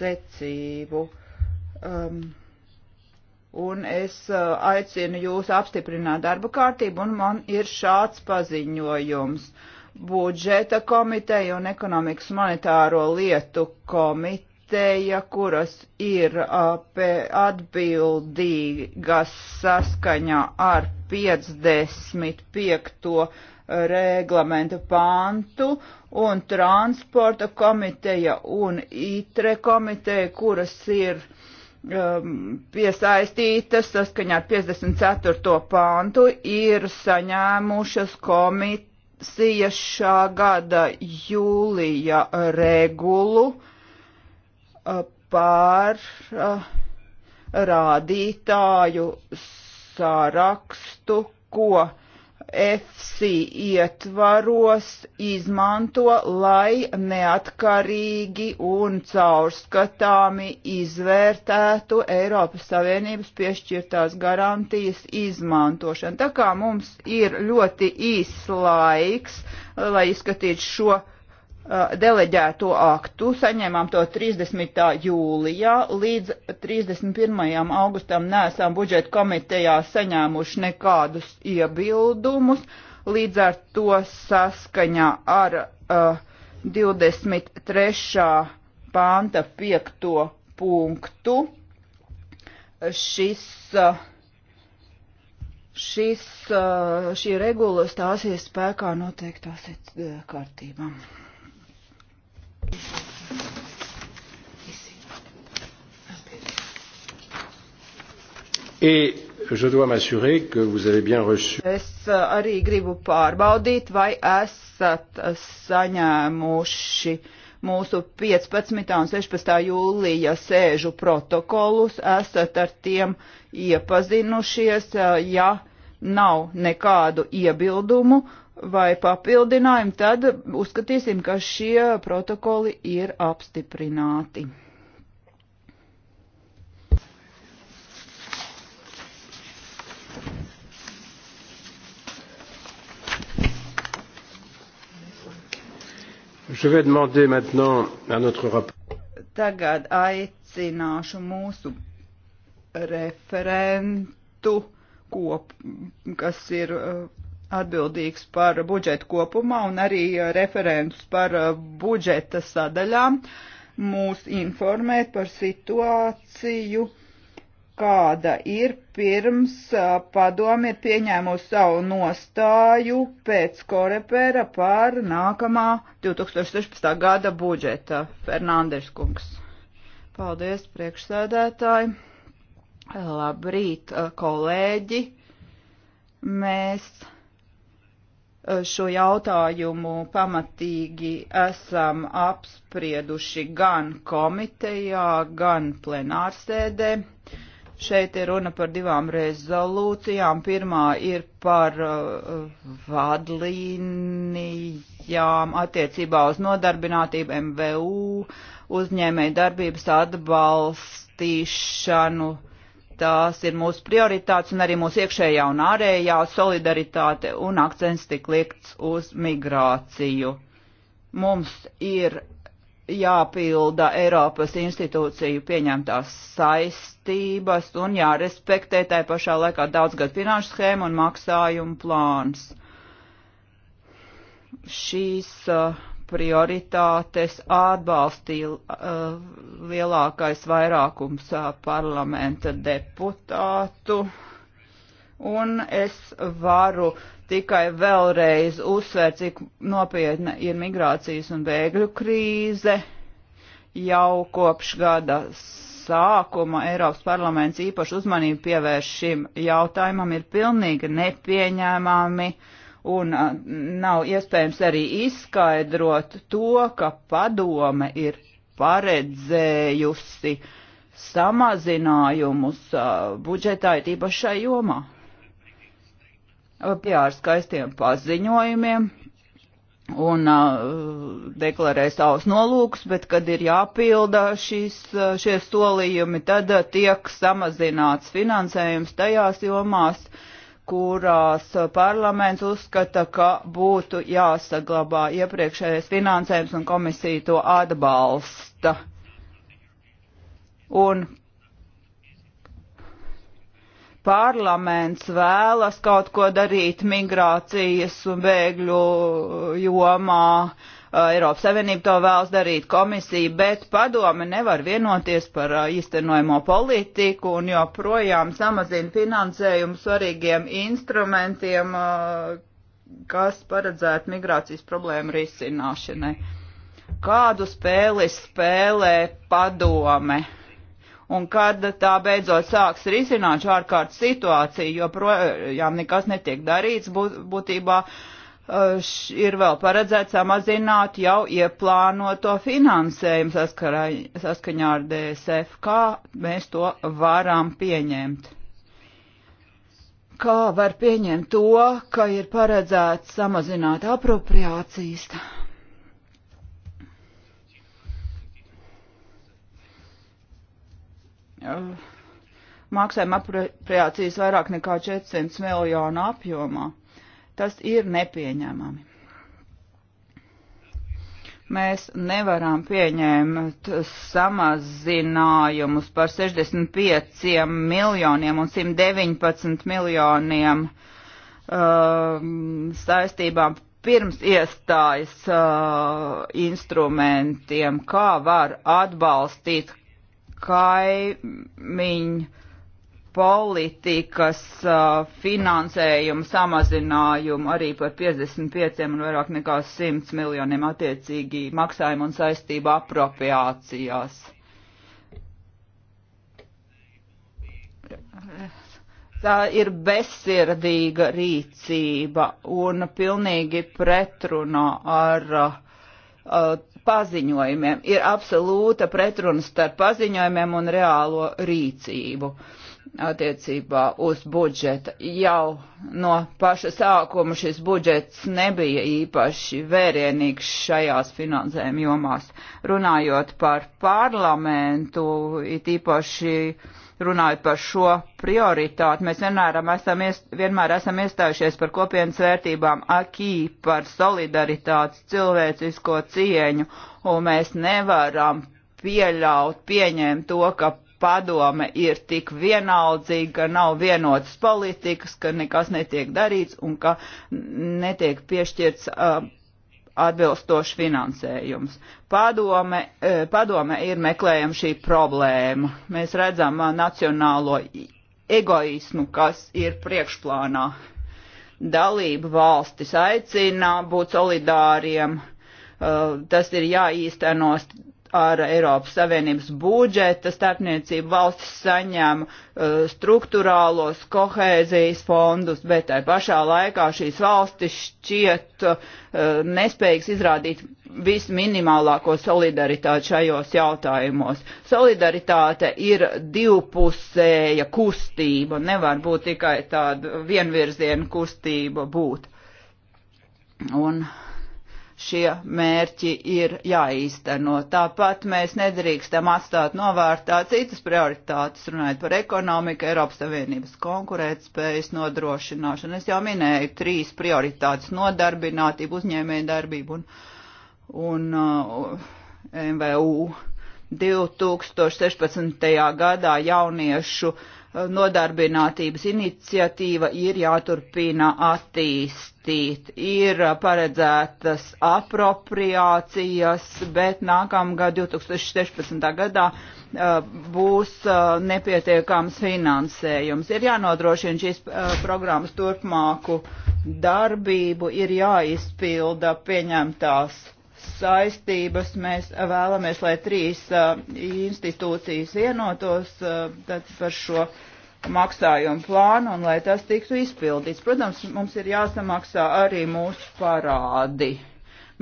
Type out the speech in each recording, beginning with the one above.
secību. Um, un es uh, aicinu jūs apstiprināt darba kārtību, un man ir šāds paziņojums. Budžeta komiteja un ekonomikas monetāro lietu komiteja, kuras ir uh, atbildīgas saskaņā ar 55 reglamentu pantu un transporta komiteja un ITRE komiteja, kuras ir um, piesaistītas saskaņā ar 54. pantu, ir saņēmušas komisijas šā gada jūlija regulu uh, par uh, rādītāju sārakstu, ko uh, FC ietvaros izmanto, lai neatkarīgi un caurskatāmi izvērtētu Eiropas Savienības piešķirtās garantijas izmantošanu. Tā kā mums ir ļoti īss laiks, lai izskatītu šo jautājumu, Eh, deleģēto aktu, saņēmām to 30. jūlijā, līdz 31. augustam nesam budžeta komitejā saņēmuši nekādus iebildumus, līdz ar to saskaņā ar uh, eh, 23. panta 5. punktu šis, eh, šis, šī regula stāsies spēkā noteiktās kārtībām. Et je dois m'assurer que vous avez bien reçu. Es uh, arī gribu pārbaudīt, vai esat saņēmuši mūsu 15. un 16. jūlija sēžu protokolus, esat ar tiem iepazinušies, uh, ja nav nekādu iebildumu, vai papildinājumi, tad uzskatīsim, ka šie protokoli ir apstiprināti. Je vais demander maintenant à notre Tagad aicināšu mūsu referentu, kop, kas ir uh, atbildīgs par budžetu kopumā un arī uh, referents par uh, budžeta sadaļām mūs informēt par situāciju, kāda ir pirms uh, padomi ir pieņēmusi savu nostāju pēc korepēra par nākamā 2016. gada budžeta. Fernandes kungs. Paldies, priekšsēdētāji. Labrīt, kolēģi. Mēs Eh, šo jautājumu pamatīgi esam apsprieduši gan komitejā, gan plenārsēdē. Šeit ir runa par divām rezolūcijām. Pirmā ir par eh, vadlīnijām attiecībā uz nodarbinātību MVU uzņēmēju darbības atbalstīšanu tās ir mūsu prioritātes un arī mūsu iekšējā un ārējā solidaritāte un akcents tik liekts uz migrāciju. Mums ir jāpilda Eiropas institūciju pieņemtās saistības un jārespektē tai pašā laikā daudzgad finanšu schēma un maksājumu plāns. Šīs uh, prioritātes atbalstīja uh, lielākais vairākums uh, parlamenta deputātu. Un es varu tikai vēlreiz uzsvērt, cik nopietna ir migrācijas un bēgļu krīze. Jau kopš gada sākuma Eiropas parlaments īpaši uzmanību pievērš šim jautājumam ir pilnīgi nepieņēmami uh, un nav iespējams arī izskaidrot to, ka padome ir paredzējusi samazinājumus budžetā, it īpaši šai jomā. Pie ar skaistiem paziņojumiem un deklarē savus nolūkus, bet kad ir jāpilda šīs, šie solījumi, tad tiek samazināts finansējums tajās jomās, uh, kurās parlaments uzskata, ka būtu jāsaglabā iepriekšējais finansējums un komisija to atbalsta. Un parlaments vēlas kaut ko darīt migrācijas un bēgļu jomā. Uh, Eh, Eiropas Savienība to vēlas darīt komisija, bet padome nevar vienoties par eh, īstenojamo politiku un joprojām samazina finansējumu svarīgiem instrumentiem, eh, kas paredzētu migrācijas problēmu risināšanai. Kādu spēli spēlē padome? Un kad tā beidzot sāks risināt šo ārkārtas situāciju, joprojām nekas netiek darīts būtībā. Uh, Eh, ir vēl paredzēts samazināt jau ieplānoto finansējumu saskarā, saskaņā ar DSF. Kā mēs to varam pieņemt? Kā var pieņemt to, ka ir paredzēts samazināt apropriācijas? Eh, maksājuma apropriācijas vairāk nekā 400 miljonu apjomā. Uh, Tas ir nepieņemami. Mēs nevaram pieņemt samazinājumus par 65 miljoniem un 119 miljoniem uh, saistībām pirms iestājas uh, instrumentiem, kā var atbalstīt kaimiņu politikas uh, finansējumu samazinājumu arī par 55 un vairāk nekā 100 miljoniem attiecīgi maksājumu un saistību apropriācijās. Tā ir bezsirdīga rīcība un pilnīgi pretrunā ar uh, paziņojumiem. Ir absolūta pretruna starp paziņojumiem un reālo rīcību. Uh, attiecībā uz budžeta. Jau no paša sākuma šis budžets nebija īpaši vērienīgs šajās finansējuma jomās. Runājot par parlamentu, it īpaši runāju par šo prioritāti, mēs vienmēr esam, iest, vienmēr esam iestājušies par kopienas vērtībām akī, par solidaritātes cilvēcisko cieņu, un mēs nevaram pieļaut, pieņemt to, ka padome ir tik vienaldzīga, ka nav vienotas politikas, ka nekas netiek darīts un ka netiek piešķirts uh, atbilstoši finansējums. Padome, uh, padome ir meklējama šī problēma. Mēs redzam uh, nacionālo egoismu, kas ir priekšplānā. Dalība valstis aicina būt solidāriem. Uh, tas ir jāīstenost ar Eiropas Savienības budžeta starpniecību valstis saņem uh, struktūrālos kohēzijas fondus, bet tai pašā laikā šīs valstis šķiet uh, nespējīgas izrādīt visminimālāko solidaritāti šajos jautājumos. Solidaritāte ir divpusēja kustība, nevar būt tikai tāda vienvirziena kustība būt. Un uh, šie mērķi ir jāīsteno. Tāpat mēs nedrīkstam atstāt novārtā citas prioritātes, runājot par ekonomiku, Eiropas Savienības konkurētspējas nodrošināšanu. Es jau minēju trīs prioritātes - nodarbinātību, uzņēmēju darbību un, un uh, MVU. 2016. gadā jauniešu uh, nodarbinātības iniciatīva ir jāturpina attīstīt. Ir paredzētas apropriācijas, bet nākamgad 2016. gadā uh, būs uh, nepietiekams finansējums. Ir jānodrošina šīs uh, programmas turpmāku darbību, ir jāizpilda pieņemtās saistības. Mēs vēlamies, lai trīs institūcijas vienotos par šo maksājumu plānu un lai tas tiktu izpildīts. Protams, mums ir jāsamaksā arī mūsu parādi.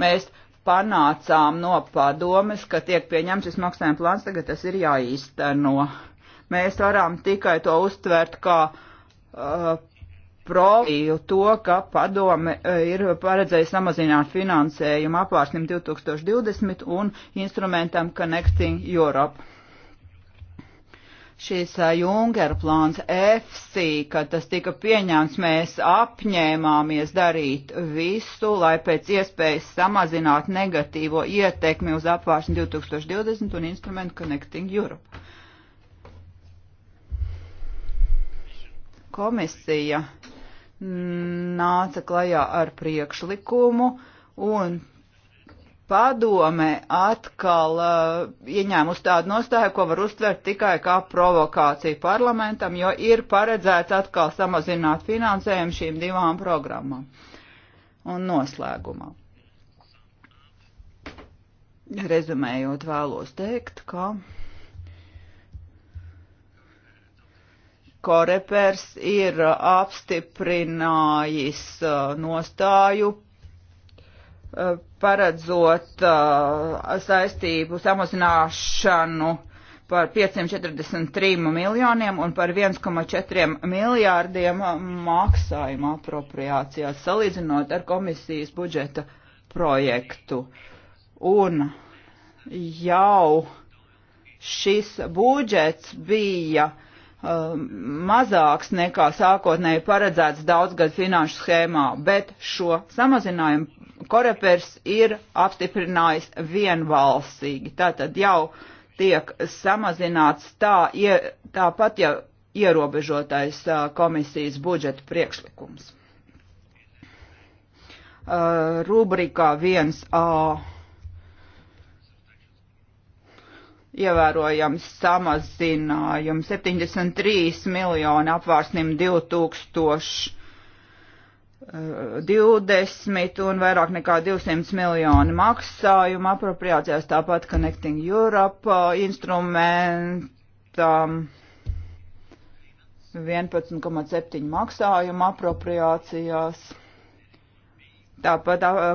Mēs panācām no padomes, ka tiek pieņemts šis maksājuma plāns, tagad tas ir jāīsteno. Mēs varam tikai to uztvert kā uh, profīlu to, ka padome e, ir paredzējis samazināt finansējumu apvārsnim 2020 un instrumentam Connecting Europe. Šis e, Junkera plāns FC, kad tas tika pieņemts, mēs apņēmāmies darīt visu, lai pēc iespējas samazinātu negatīvo ietekmi uz apvārsni 2020 un instrumentu Connecting Europe. Komisija nāca klajā ar priekšlikumu un padome atkal uh, ieņēmusi tādu nostāju, ko var uztvert tikai kā provokāciju parlamentam, jo ir paredzēts atkal samazināt finansējumu šīm divām programmām un noslēgumā. Rezumējot, vēlos teikt, ka. Kā... Korepers ir uh, apstiprinājis uh, nostāju uh, paredzot saistību samazināšanu par 543 miljoniem un par 1,4 miljārdiem maksājuma apropriācijās, salīdzinot ar komisijas budžeta projektu. Un jau šis budžets bija uh, Um, mazāks nekā sākotnēji paredzēts daudzgad finanšu schēmā, bet šo samazinājumu korepers ir apstiprinājis vienvalsīgi. Tātad jau tiek samazināts tā, ie, tāpat jau ierobežotais uh, komisijas budžeta priekšlikums. Uh, rubrikā 1A ievērojams samazinājums - 73 miljoni apvārsnim 2020 eh, un vairāk nekā 200 miljoni maksājumu apropriācijās, tāpat Connecting Europe instrumentam 11,7 maksājumu apropriācijās. Tāpat eh,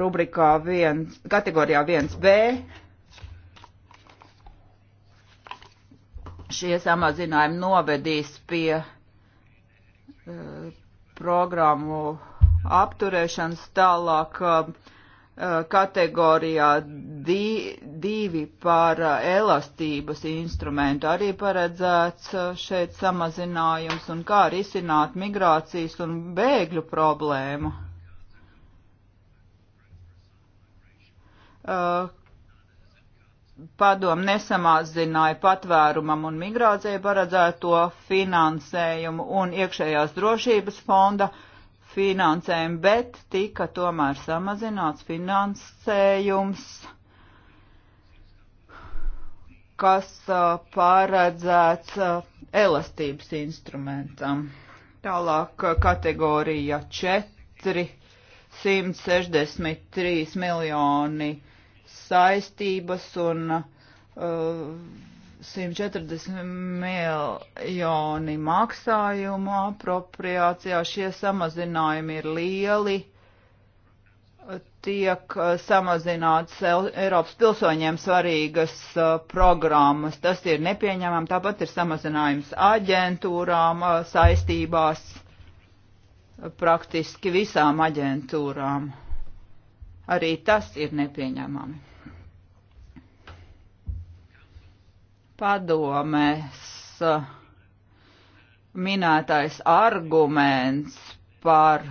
rubrikā 1, kategorijā 1B šie samazinājumi novedīs pie uh, programmu apturēšanas tālāk uh, kategorijā di, divi par eh, elastības instrumentu arī paredzēts šeit samazinājums un kā risināt migrācijas un bēgļu problēmu. Uh, padomu nesamazināja patvērumam un migrācijai paredzēto finansējumu un iekšējās drošības fonda finansējumu, bet tika tomēr samazināts finansējums, kas paredzēts elastības instrumentam. Tālāk kategorija 4, 163 miljoni eiro saistības un uh, 140 miljoni maksājumu apropriācijā. Šie samazinājumi ir lieli. Tiek uh, samazināts Eiropas pilsoņiem svarīgas uh, programmas. Tas ir nepieņemam. Tāpat ir samazinājums aģentūrām uh, saistībās praktiski visām aģentūrām. Arī tas ir nepieņemami. Padomēs eh, minētais arguments par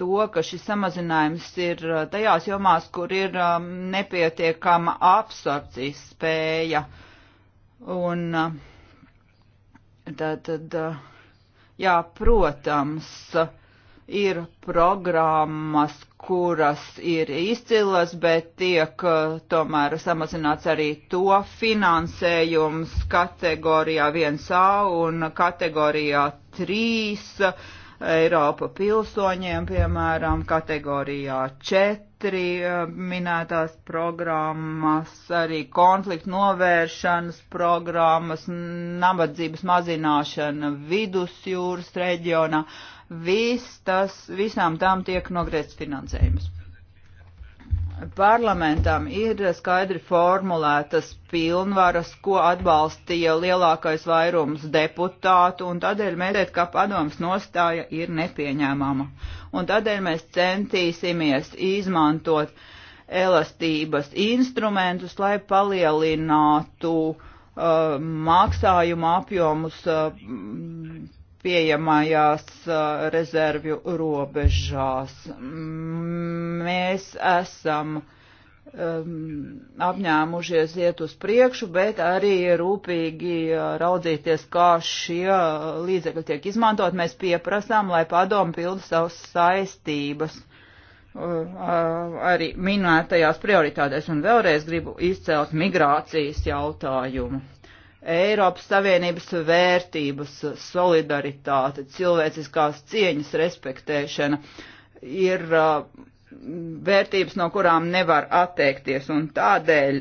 to, ka šis samazinājums ir eh, tajās jomās, kur ir eh, nepietiekama absorpcijas spēja. Un tad, tad jā, protams, ir programmas, kuras ir izcilas, bet tiek uh, tomēr samazināts arī to finansējums kategorijā 1A un kategorijā 3 Eiropa pilsoņiem, piemēram, kategorijā 4 uh, minētās programmas, arī konfliktu novēršanas programmas, nabadzības mazināšana vidusjūras reģionā viss tas, visām tām tiek nogriezts finansējums. Parlamentam ir skaidri formulētas pilnvaras, ko atbalstīja lielākais vairums deputātu, un tādēļ mērķēt, ka padoms nostāja ir nepieņēmama. Un tādēļ mēs centīsimies izmantot uh, elastības instrumentus, lai palielinātu uh, maksājumu apjomus uh, pieejamajās uh, rezervju robežās. Mm, mēs esam um, apņēmušies iet uz priekšu, bet arī rūpīgi uh, raudzīties, kā šie uh, līdzekļi tiek izmantot. Mēs pieprasām, lai padomu pilda savas saistības arī minētajās prioritātēs un vēlreiz gribu izcelt migrācijas jautājumu. Eiropas Savienības vērtības, solidaritāte, cilvēciskās cieņas respektēšana ir uh, vērtības, no kurām nevar atteikties, un tādēļ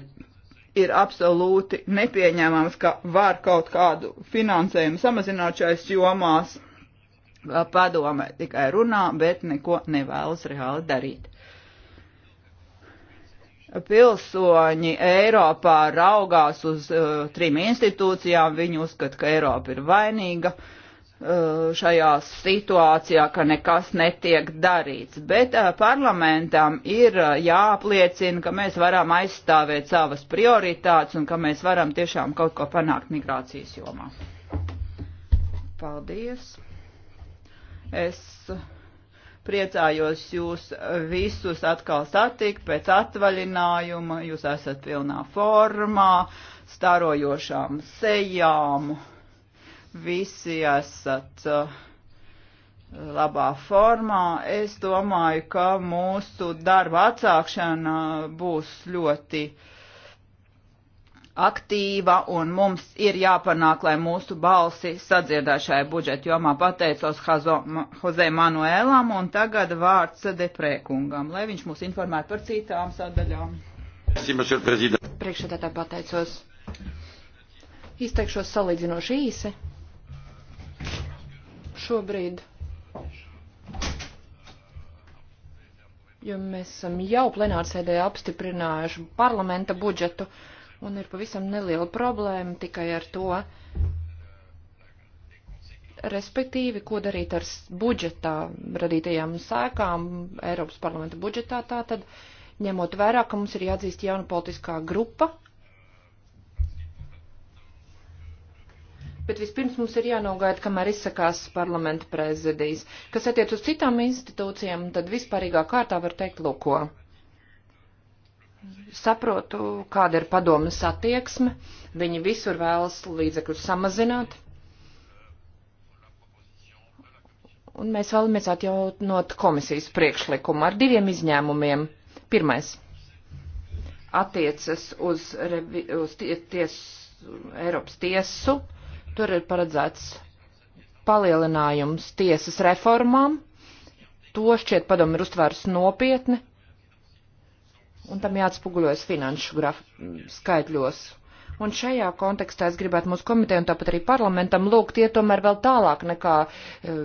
ir absolūti nepieņēmams, ka var kaut kādu finansējumu samazināt šais jomās. Padome tikai runā, bet neko nevēlas reāli darīt pilsoņi Eiropā raugās uz uh, trim institūcijām, viņi uzskata, ka Eiropa ir vainīga uh, šajā situācijā, ka nekas netiek darīts. Bet uh, parlamentam ir uh, jāapliecina, ka mēs varam aizstāvēt savas prioritātes un ka mēs varam tiešām kaut ko panākt migrācijas jomā. Paldies. Es. Uh, Priecājos jūs visus atkal satikt pēc atvaļinājuma. Jūs esat pilnā formā, starojošām sejām. Visi esat uh, labā formā. Es domāju, ka mūsu darba atsākšana būs ļoti aktīva un mums ir jāpanāk, lai mūsu balsi sadzirdē šajā budžeta jomā. Pateicos Jose Manuēlam un tagad vārds Deprēkungam, lai viņš mūs informētu par citām sadaļām. Priekšsēdētā pateicos. Izteikšos salīdzinoši īsi. Šobrīd jo mēs esam jau plenārsēdē apstiprinājuši parlamenta budžetu. Uh, un ir pavisam neliela problēma tikai ar to, respektīvi, ko darīt ar budžetā radītajām sēkām Eiropas parlamenta budžetā, tātad ņemot vērā, ka mums ir jāatzīst jauna politiskā grupa. Bet vispirms mums ir jānogaida, kamēr izsakās parlamenta prezidijas. Kas attiec uz citām institūcijām, tad vispārīgā kārtā var teikt, lūko saprotu, kāda ir padomas attieksme. Viņi visur vēlas līdzekļus samazināt. Un mēs vēlamies atjaunot komisijas priekšlikumu ar diviem izņēmumiem. Pirmais attiecas uz, revi, uz ties, ties, Eiropas tiesu. Tur ir paredzēts palielinājums tiesas reformām. To šķiet padomu ir uztvērs nopietni un tam jāatspoguļojas finanšu graf, skaitļos. Un šajā kontekstā es gribētu mūsu komiteju un tāpat arī parlamentam lūgt iet tomēr vēl tālāk nekā e,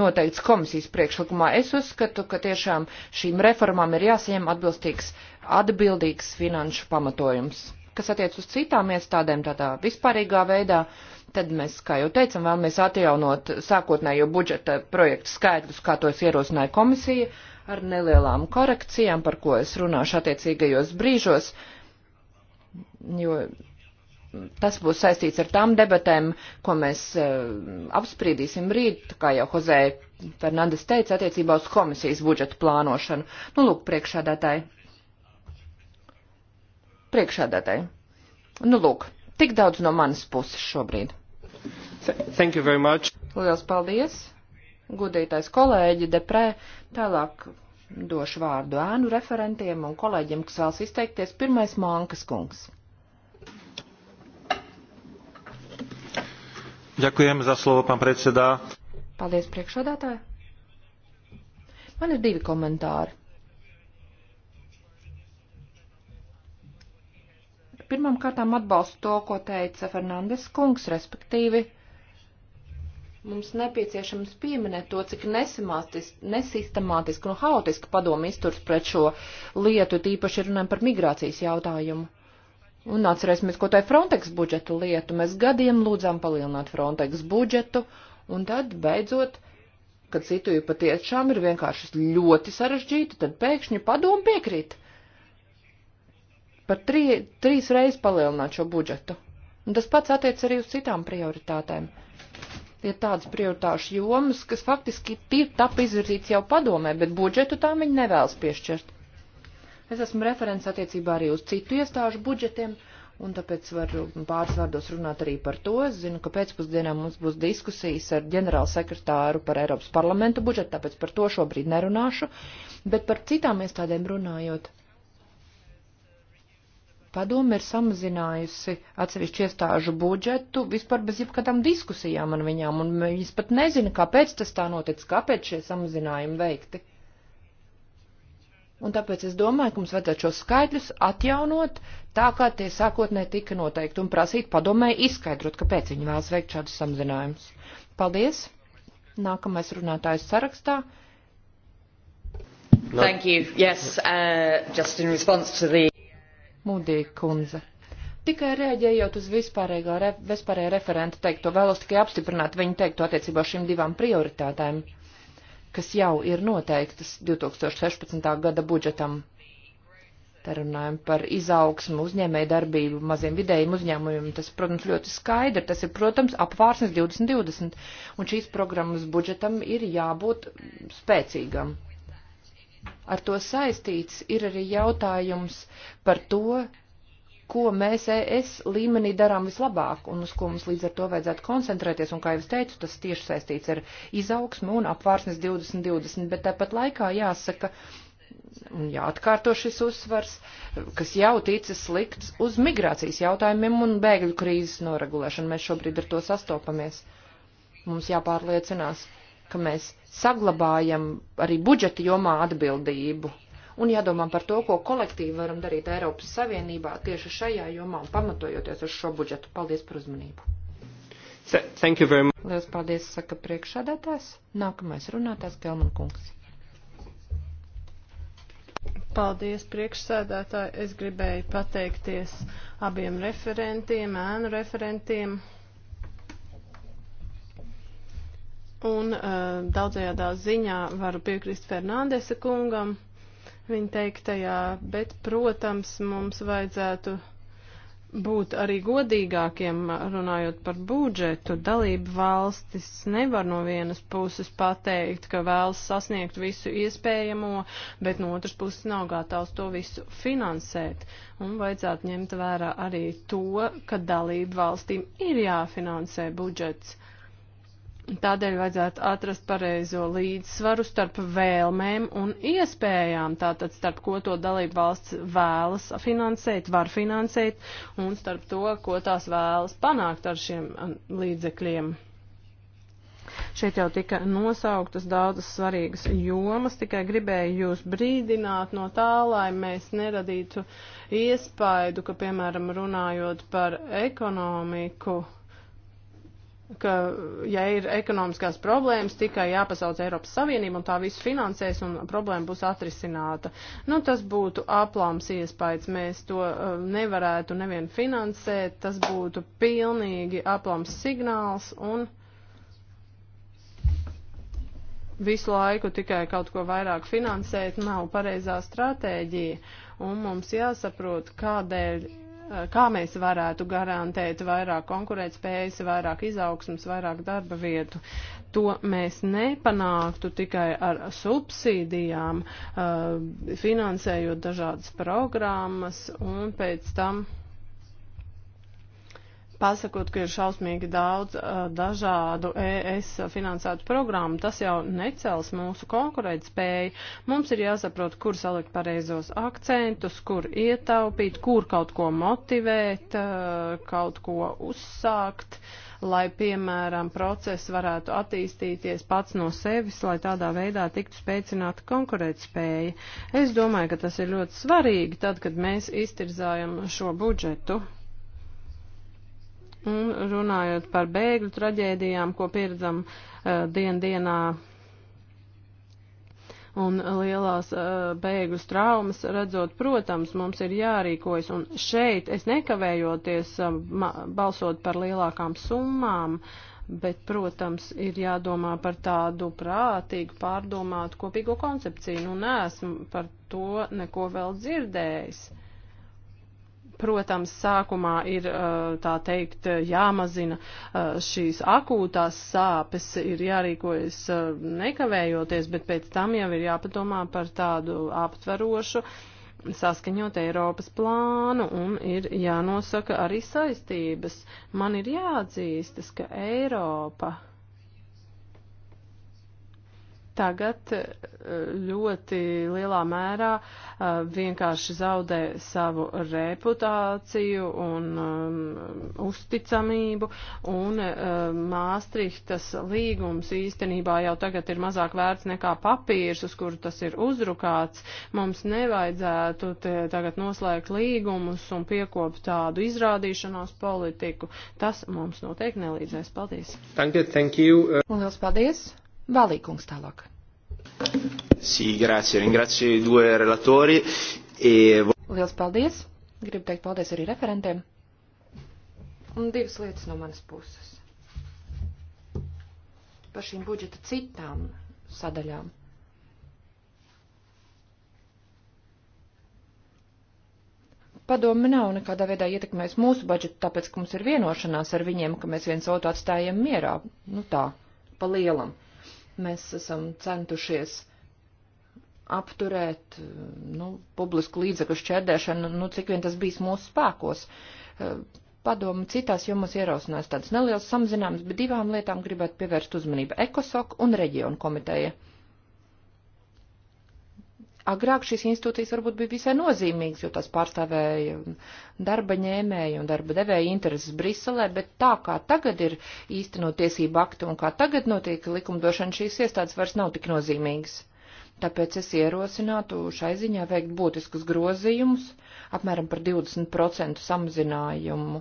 noteikts komisijas priekšlikumā. Es uzskatu, ka tiešām šīm reformām ir jāsiem atbilstīgs, atbildīgs finanšu pamatojums. Kas attiec uz citām iestādēm tādā vispārīgā veidā, tad mēs, kā jau teicam, vēlamies atjaunot sākotnējo budžeta projektu skaidrus, kā tos ierosināja komisija, ar nelielām korekcijām, par ko es runāšu attiecīgajos brīžos, jo tas būs saistīts ar tām debatēm, ko mēs uh, apspriedīsim rīt, kā jau Hozē Fernandes teica, attiecībā uz komisijas budžetu plānošanu. Nu, lūk, priekšādātāji. Priekšādātāji. Nu, lūk, tik daudz no manas puses šobrīd. Thank you very much. Lielas paldies. Gudītais kolēģi Deprē, tālāk došu vārdu ēnu referentiem un kolēģiem, kas vēlas izteikties. Pirmais Mankas kungs. Ďakujem za slovo, pán predsedā. Paldies, priekšsādātāji. Man ir divi komentāri. Pirmam kārtām atbalstu to, ko teica Fernandes kungs, respektīvi Mums nepieciešams pieminēt to, cik nesistemātiski un haotiski padomu izturs pret šo lietu, tīpaši runājam par migrācijas jautājumu. Un atcerēsimies, ko tai Frontex budžetu lietu. Mēs gadiem lūdzām palielināt Frontex budžetu, un tad beidzot, kad situācija patiešām ir vienkārši ļoti sarežģīta, tad pēkšņi padomu piekrīt par tri, trīs reizes palielināt šo budžetu. Un tas pats attiec arī uz citām prioritātēm ir tādas prioritāšu jomas, kas faktiski ir tap izvirzīts jau padomē, bet budžetu tām viņi nevēlas piešķirt. Es esmu referents attiecībā arī uz citu iestāžu budžetiem, un tāpēc varu pāris vārdos runāt arī par to. Es zinu, ka pēcpusdienā mums būs diskusijas ar ģenerālu sekretāru par Eiropas parlamentu budžetu, tāpēc par to šobrīd nerunāšu, bet par citām iestādēm runājot. Padoma ir samazinājusi atsevišķu iestāžu budžetu vispār bez jebkādām diskusijām ar viņām, un viņas pat nezina, kāpēc tas tā notic, kāpēc šie samazinājumi veikti. Un tāpēc es domāju, ka mums vajadzētu šos skaitļus atjaunot tā, kā tie sākotnē tika noteikti, un prasīt padomē izskaidrot, kāpēc viņi vēlas veikt šādus samazinājumus. Paldies! Nākamais runātājs sarakstā. Thank you. Yes, uh, just in response to the Mudī kundze. Tikai reaģējot uz vispārējo re, vispārējo referentu teikto, vēlos tikai apstiprināt viņu teikto attiecībā šīm divām prioritātēm, kas jau ir noteiktas 2016. gada budžetam. Te runājam par izaugsmu, uzņēmēju darbību, maziem vidējiem uzņēmumiem. Tas, protams, ļoti skaidri. Tas ir, protams, apvārsnes 2020. Un šīs programmas budžetam ir jābūt spēcīgam. Ar to saistīts ir arī jautājums par to, ko mēs ES līmenī darām vislabāk un uz ko mums līdz ar to vajadzētu koncentrēties. Un, kā jau es teicu, tas tieši saistīts ar izaugsmu un apvārsnes 2020, bet tāpat laikā jāsaka, un jāatkārto šis uzsvars, kas jau ticis slikts uz migrācijas jautājumiem un bēgļu krīzes noregulēšanu. Mēs šobrīd ar to sastopamies. Mums jāpārliecinās, ka mēs saglabājam arī budžeta jomā atbildību un jādomā par to, ko kolektīvi varam darīt Eiropas Savienībā tieši šajā jomā, pamatojoties uz šo budžetu. Paldies par uzmanību. Thank you very much. Lielas paldies, saka priekšsādātājs. Nākamais runātājs Kelman kungs. Paldies, priekšsēdētāji. Es gribēju pateikties abiem referentiem, ēnu referentiem. Un uh, daudzajādā ziņā varu piekrist Fernandesa kungam viņa teiktajā, bet, protams, mums vajadzētu būt arī godīgākiem runājot par budžetu. Dalību valstis nevar no vienas puses pateikt, ka vēlas sasniegt visu iespējamo, bet no otras puses nav gatavs to visu finansēt. Un vajadzētu ņemt vērā arī to, ka dalību valstīm ir jāfinansē budžets. Uh, Tādēļ vajadzētu atrast pareizo līdzsvaru starp vēlmēm un iespējām, tātad starp ko to dalību valsts vēlas finansēt, var finansēt, un starp to, ko tās vēlas panākt ar šiem līdzekļiem. Šeit jau tika nosauktas daudzas svarīgas jomas, tikai gribēju jūs brīdināt no tā, lai mēs neradītu iespaidu, ka, piemēram, runājot par ekonomiku, uh, ka, ja ir ekonomiskās problēmas, tikai jāpasauc Eiropas Savienība un tā visu finansēs un problēma būs atrisināta. Nu, tas būtu aplāms iespējas. Mēs to uh, nevarētu nevien finansēt. Tas būtu pilnīgi aplāms signāls un visu laiku tikai kaut ko vairāk finansēt nav pareizā stratēģija. Un mums jāsaprot, kādēļ kā mēs varētu garantēt vairāk konkurētspējas, vairāk izaugsmas, vairāk darba vietu. To mēs nepanāktu tikai ar subsīdijām, uh, finansējot dažādas programmas un pēc tam pasakot, ka ir šausmīgi daudz uh, dažādu ES finansētu programmu, tas jau necels mūsu konkurētspēju. Mums ir jāsaprot, kur salikt pareizos akcentus, kur ietaupīt, kur kaut ko motivēt, uh, kaut ko uzsākt, lai, piemēram, process varētu attīstīties pats no sevis, lai tādā veidā tiktu spēcināta konkurētspēja. Es domāju, ka tas ir ļoti svarīgi tad, kad mēs iztirzājam šo budžetu. Un runājot par bēgļu traģēdijām, ko pieredzam uh, dien dienā un lielās uh, bēgļu traumas redzot, protams, mums ir jārīkojas. Un šeit es nekavējoties uh, balsot par lielākām summām, bet, protams, ir jādomā par tādu prātīgu, pārdomātu kopīgo koncepciju. Nu, nesmu par to neko vēl dzirdējis. Uh, Protams, sākumā ir tā teikt jāmazina šīs akūtās sāpes, ir jārīkojas nekavējoties, bet pēc tam jau ir jāpadomā par tādu aptverošu saskaņot Eiropas plānu un ir jānosaka arī saistības. Man ir jāatzīstas, ka Eiropa tagad eh, ļoti lielā mērā eh, vienkārši zaudē savu reputāciju un um, uzticamību, un um, Māstrihtas līgums īstenībā jau tagad ir mazāk vērts nekā papīrs, uz kuru tas ir uzrukāts. Mums nevajadzētu tagad noslēgt līgumus un piekopt tādu izrādīšanos politiku. Tas mums noteikti nelīdzēs. Paldies! Thank you, thank you. Un liels paldies! Valīkungs tālāk. Sī, grācija, grācija, due relatori. E... Liels paldies! Gribu teikt paldies arī referentiem. Un divas lietas no manas puses. Par šīm budžeta citām sadaļām. Padoma nav nekādā veidā ietekmējis mūsu budžetu, tāpēc, ka mums ir vienošanās ar viņiem, ka mēs viens otru atstājam mierā. Nu tā, pa lielam. Uh, Mēs esam centušies apturēt, nu, publisku līdzekļu šķērdēšanu, nu, cik vien tas bijis mūsu spēkos. E, padomu citās jomas ierosinās tāds neliels samazināms, bet divām lietām gribētu pievērst uzmanību - ekosok un reģionu komiteja agrāk šīs institūcijas varbūt bija visai nozīmīgas, jo tās pārstāvēja darba ņēmēja un darba devēja intereses Briselē, bet tā kā tagad ir īstenot tiesību aktu un kā tagad notiek likumdošana, šīs iestādes vairs nav tik nozīmīgas. Tāpēc es ierosinātu šai ziņā veikt būtiskus grozījumus, apmēram par 20% samazinājumu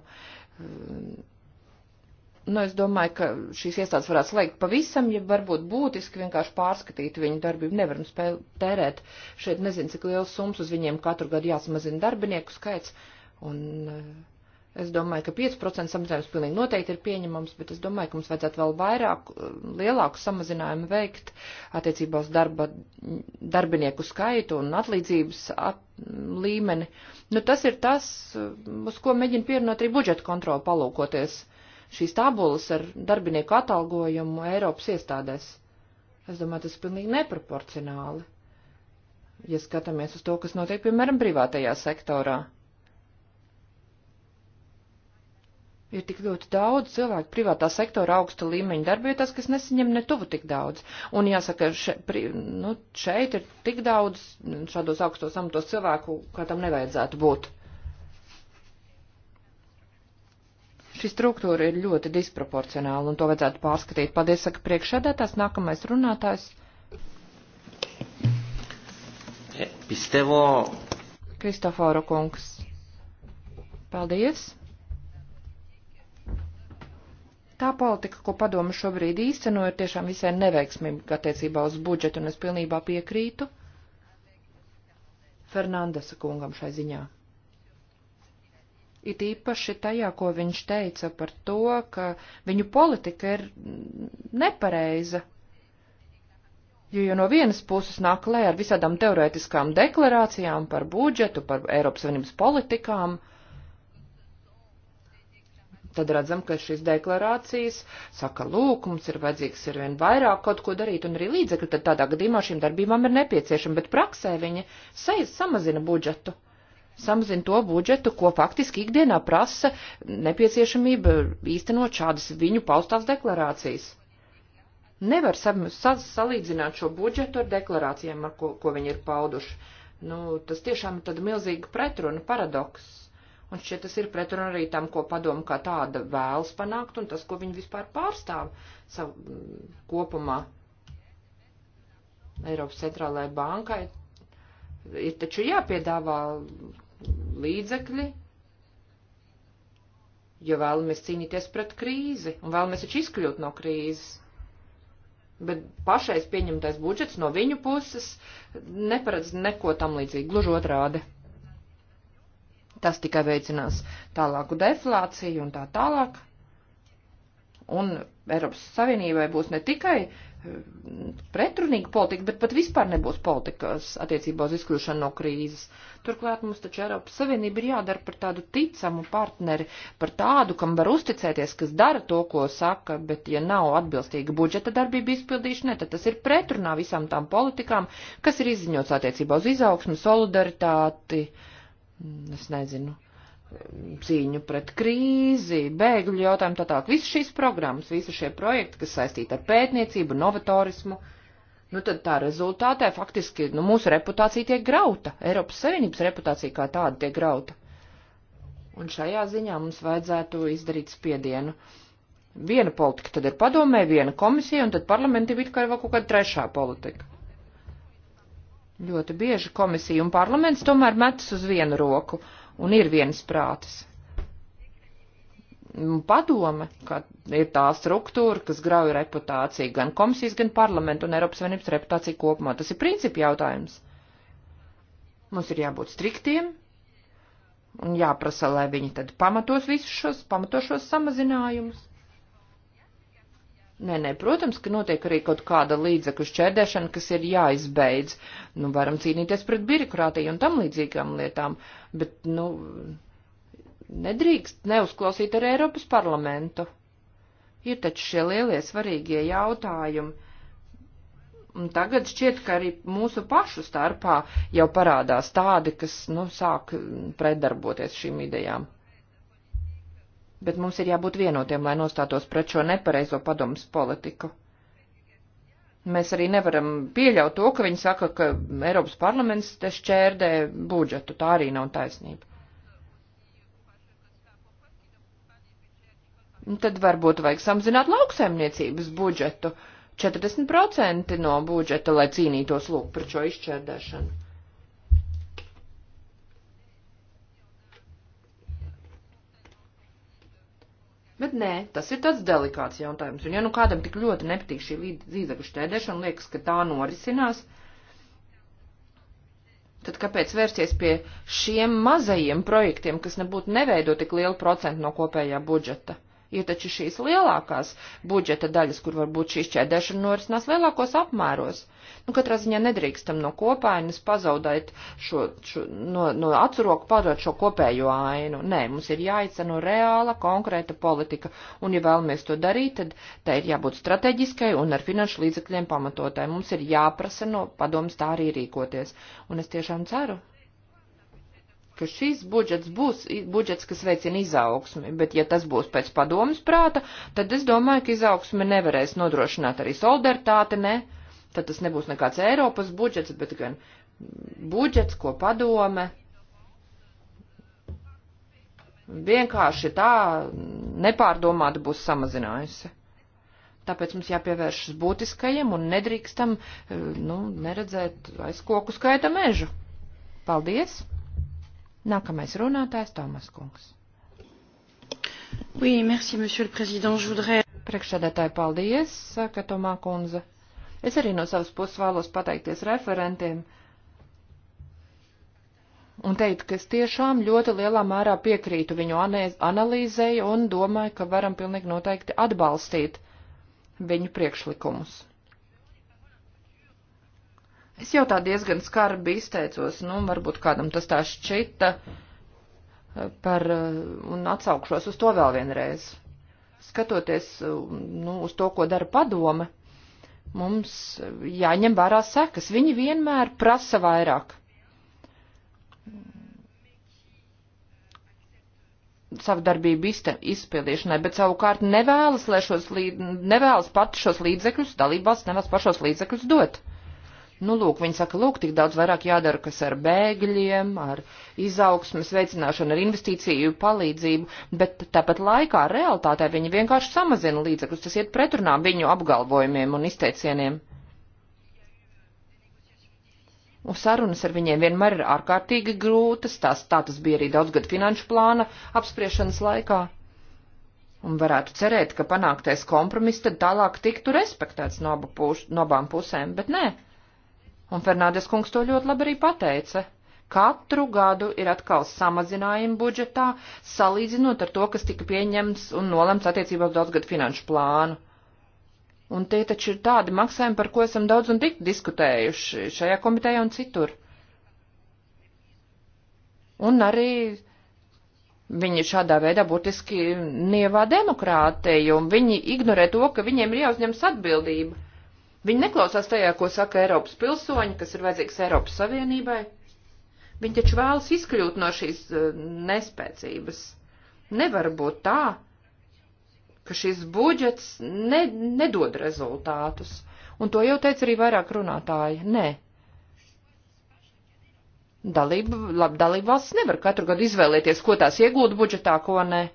Nu, es domāju, ka šīs iestādes varētu slēgt pavisam, ja varbūt būtiski vienkārši pārskatīt viņu darbību. Nevaram spēl, tērēt šeit nezinu, cik liels sums uz viņiem katru gadu jāsamazina darbinieku skaits. Un eh, es domāju, ka 5% samazinājums pilnīgi noteikti ir pieņemams, bet es domāju, ka mums vajadzētu vēl vairāk, eh, lielāku samazinājumu veikt attiecībā uz darba, darbinieku skaitu un atlīdzības at, līmeni. Nu, tas ir tas, eh, uz ko mēģina pierunāt arī budžeta kontrola palūkoties šīs tabulas ar darbinieku atalgojumu Eiropas iestādēs. Es domāju, tas ir pilnīgi neproporcionāli, ja skatāmies uz to, kas notiek, piemēram, privātajā sektorā. Ir tik ļoti daudz cilvēku privātā sektora augsta līmeņa darbietās, kas nesaņem ne tuvu tik daudz. Un jāsaka, še, pri, nu, šeit ir tik daudz šādos augstos amatos cilvēku, kā tam nevajadzētu būt. Šī struktūra ir ļoti disproporcionāla, un to vajadzētu pārskatīt. Paldies, saka priekšsēdētājs, nākamais runātājs. Eh, Pistevo. Kristoforu kungs. Paldies. Tā politika, ko padoma šobrīd īsteno, ir tiešām visai neveiksmīga attiecībā uz budžetu, un es pilnībā piekrītu Fernandesa kungam šai ziņā it īpaši tajā, ko viņš teica par to, ka viņu politika ir nepareiza. Jo, jo no vienas puses nāk klē ar visādām teorētiskām deklarācijām par budžetu, par Eiropas Savienības politikām, tad redzam, ka šīs deklarācijas saka, lūk, mums ir vajadzīgs ir vien vairāk kaut ko darīt, un arī līdzekļi tad tādā gadījumā šīm darbībām ir nepieciešama, bet praksē viņi samazina budžetu samazina to budžetu, ko faktiski ikdienā prasa nepieciešamība īstenot šādas viņu paustās deklarācijas. Nevar salīdzināt šo budžetu ar deklarācijām, ar ko, ko viņi ir pauduši. Nu, tas tiešām ir tāda milzīga pretruna paradoks. Un šķiet, tas ir pretruna arī tam, ko padomu kā tāda vēlas panākt un tas, ko viņi vispār pārstāv savu mm, kopumā. Eiropas centrālajai bankai ir taču jāpiedāvā līdzekļi, jo vēlamies cīnīties pret krīzi un vēlamies taču izkļūt no krīzes. Bet pašais pieņemtais budžets no viņu puses neparedz neko tam līdzīgi, gluži otrādi. Tas tikai veicinās tālāku deflāciju un tā tālāk. Un Eiropas Savienībai būs ne tikai uh, pretrunīga politika, bet pat vispār nebūs politikas attiecībā uz izkļūšanu no krīzes. Turklāt mums taču Eiropas Savienība ir jādara par tādu ticamu partneri, par tādu, kam var uzticēties, kas dara to, ko saka, bet ja nav atbilstīga budžeta darbība izpildīšanai, tad tas ir pretrunā visām tām politikām, kas ir izziņots attiecībā uz izaugsmu, solidaritāti, es nezinu, cīņu pret krīzi, bēgļu jautājumu tā tālāk. Visas šīs programmas, visi šie projekti, kas saistīti ar pētniecību, novatorismu, nu tad tā rezultātē faktiski nu, mūsu reputācija tiek grauta, Eiropas Savienības reputācija kā tāda tiek grauta. Un šajā ziņā mums vajadzētu izdarīt spiedienu. Viena politika tad ir padomē, viena komisija, un tad parlamenti ir kā vēl kaut kāda trešā politika. Ļoti bieži komisija un parlaments tomēr metas uz vienu roku, un ir vienas prātas. Padome, ka ir tā struktūra, kas grauja reputāciju gan komisijas, gan parlamentu un Eiropas Savienības reputāciju kopumā. Tas ir principi jautājums. Mums ir jābūt striktiem un jāprasa, lai viņi tad pamatos visus šos pamatošos samazinājumus. Nē, nē, protams, ka notiek arī kaut kāda līdzekļu šķērdēšana, kas ir jāizbeidz. Nu, varam cīnīties pret birokrātiju un tam līdzīgām lietām, bet, nu, nedrīkst neuzklausīt ar Eiropas parlamentu. Ir taču šie lielie svarīgie jautājumi. Un tagad šķiet, ka arī mūsu pašu starpā jau parādās tādi, kas, nu, sāk pretdarboties šīm idejām bet mums ir jābūt vienotiem, lai nostātos pret šo nepareizo padomus politiku. Mēs arī nevaram pieļaut to, ka viņi saka, ka Eiropas parlaments te šķērdē budžetu. Tā arī nav taisnība. Tad varbūt vajag samazināt lauksaimniecības budžetu 40% no budžeta, lai cīnītos lūk par šo izšķērdēšanu. Bet nē, tas ir tāds delikāts jautājums. Un ja nu kādam tik ļoti nepatīk šī līdzekļu šķēdēšana, liekas, ka tā norisinās, tad kāpēc vērsties pie šiem mazajiem projektiem, kas nebūtu neveido tik lielu procentu no kopējā budžeta? Ir taču šīs lielākās budžeta daļas, kur varbūt šī šķēdēšana norisinās lielākos apmēros. Nu, katrā ziņā nedrīkstam no kopainas pazaudēt šo, šo no, no atsuroku pazaudēt šo kopējo ainu. Nē, mums ir jāiceno reāla, konkrēta politika, un ja vēlamies to darīt, tad tai ir jābūt strateģiskai un ar finanšu līdzekļiem pamatotai. Mums ir jāprasa no padomas tā arī rīkoties. Un es tiešām ceru, ka šis budžets būs budžets, kas veicina izaugsmi, bet ja tas būs pēc padomas prāta, tad es domāju, ka izaugsmi nevarēs nodrošināt arī solidaritāte, ne, tad tas nebūs nekāds Eiropas budžets, bet gan budžets, ko padome vienkārši tā nepārdomāti būs samazinājusi. Tāpēc mums jāpievēršas būtiskajiem un nedrīkstam, eh, nu, neredzēt aiz koku skaita mežu. Paldies! Nākamais runātājs Tomas Kungs. Oui, merci, monsieur le président. Je voudrais... Priekšsēdētāji, paldies, saka Tomā Kunze. Es arī no savas puses vēlos pateikties referentiem un teikt, ka es tiešām ļoti lielā mērā piekrītu viņu analīzei un domāju, ka varam pilnīgi noteikti atbalstīt viņu priekšlikumus. Es jau tā diezgan skarbi izteicos, nu, varbūt kādam tas tā šķita eh, par, eh, un atsaukšos uz to vēl vienreiz. Skatoties, eh, nu, uz to, ko dara padome, mums jāņem vērā sekas. Viņi vienmēr prasa vairāk. savu darbību izpildīšanai, bet savukārt nevēlas, lai šos līd, nevēlas pat šos līdzekļus, dalībvalsts nevēlas pašos līdzekļus dot. Uh, Nu, lūk, viņi saka, lūk, tik daudz vairāk jādara, kas ar bēgļiem, ar izaugsmes veicināšanu, ar investīciju palīdzību, bet tāpat laikā realtātē viņi vienkārši samazina līdzekļus. Tas iet pretrunā viņu apgalvojumiem un izteicieniem. Un sarunas ar viņiem vienmēr ir ārkārtīgi grūtas, tās, tā tas bija arī daudzgad finanšu plāna apspriešanas laikā. Un varētu cerēt, ka panāktais kompromiss tad tālāk tiktu respektēts no, abu puš, no abām pusēm, bet nē. Un Fernandes kungs to ļoti labi arī pateica. Katru gadu ir atkal samazinājumi budžetā, salīdzinot ar to, kas tika pieņemts un nolemts attiecībā uz daudzgadu finanšu plānu. Un tie taču ir tādi maksājumi, par ko esam daudz un tik diskutējuši šajā komitejā un citur. Un arī Viņi šādā veidā būtiski nievā demokrātiju, un viņi ignorē to, ka viņiem ir jāuzņemas atbildība Viņi neklausās tajā, ko saka Eiropas pilsoņi, kas ir vajadzīgs Eiropas Savienībai. Viņi taču vēlas izkļūt no šīs eh, nespēcības. Nevar būt tā, ka šis budžets ne, nedod rezultātus. Un to jau teica arī vairāk runātāji. Nē. Dalība, lab, dalība valsts nevar katru gadu izvēlēties, ko tās iegūda budžetā, ko nē.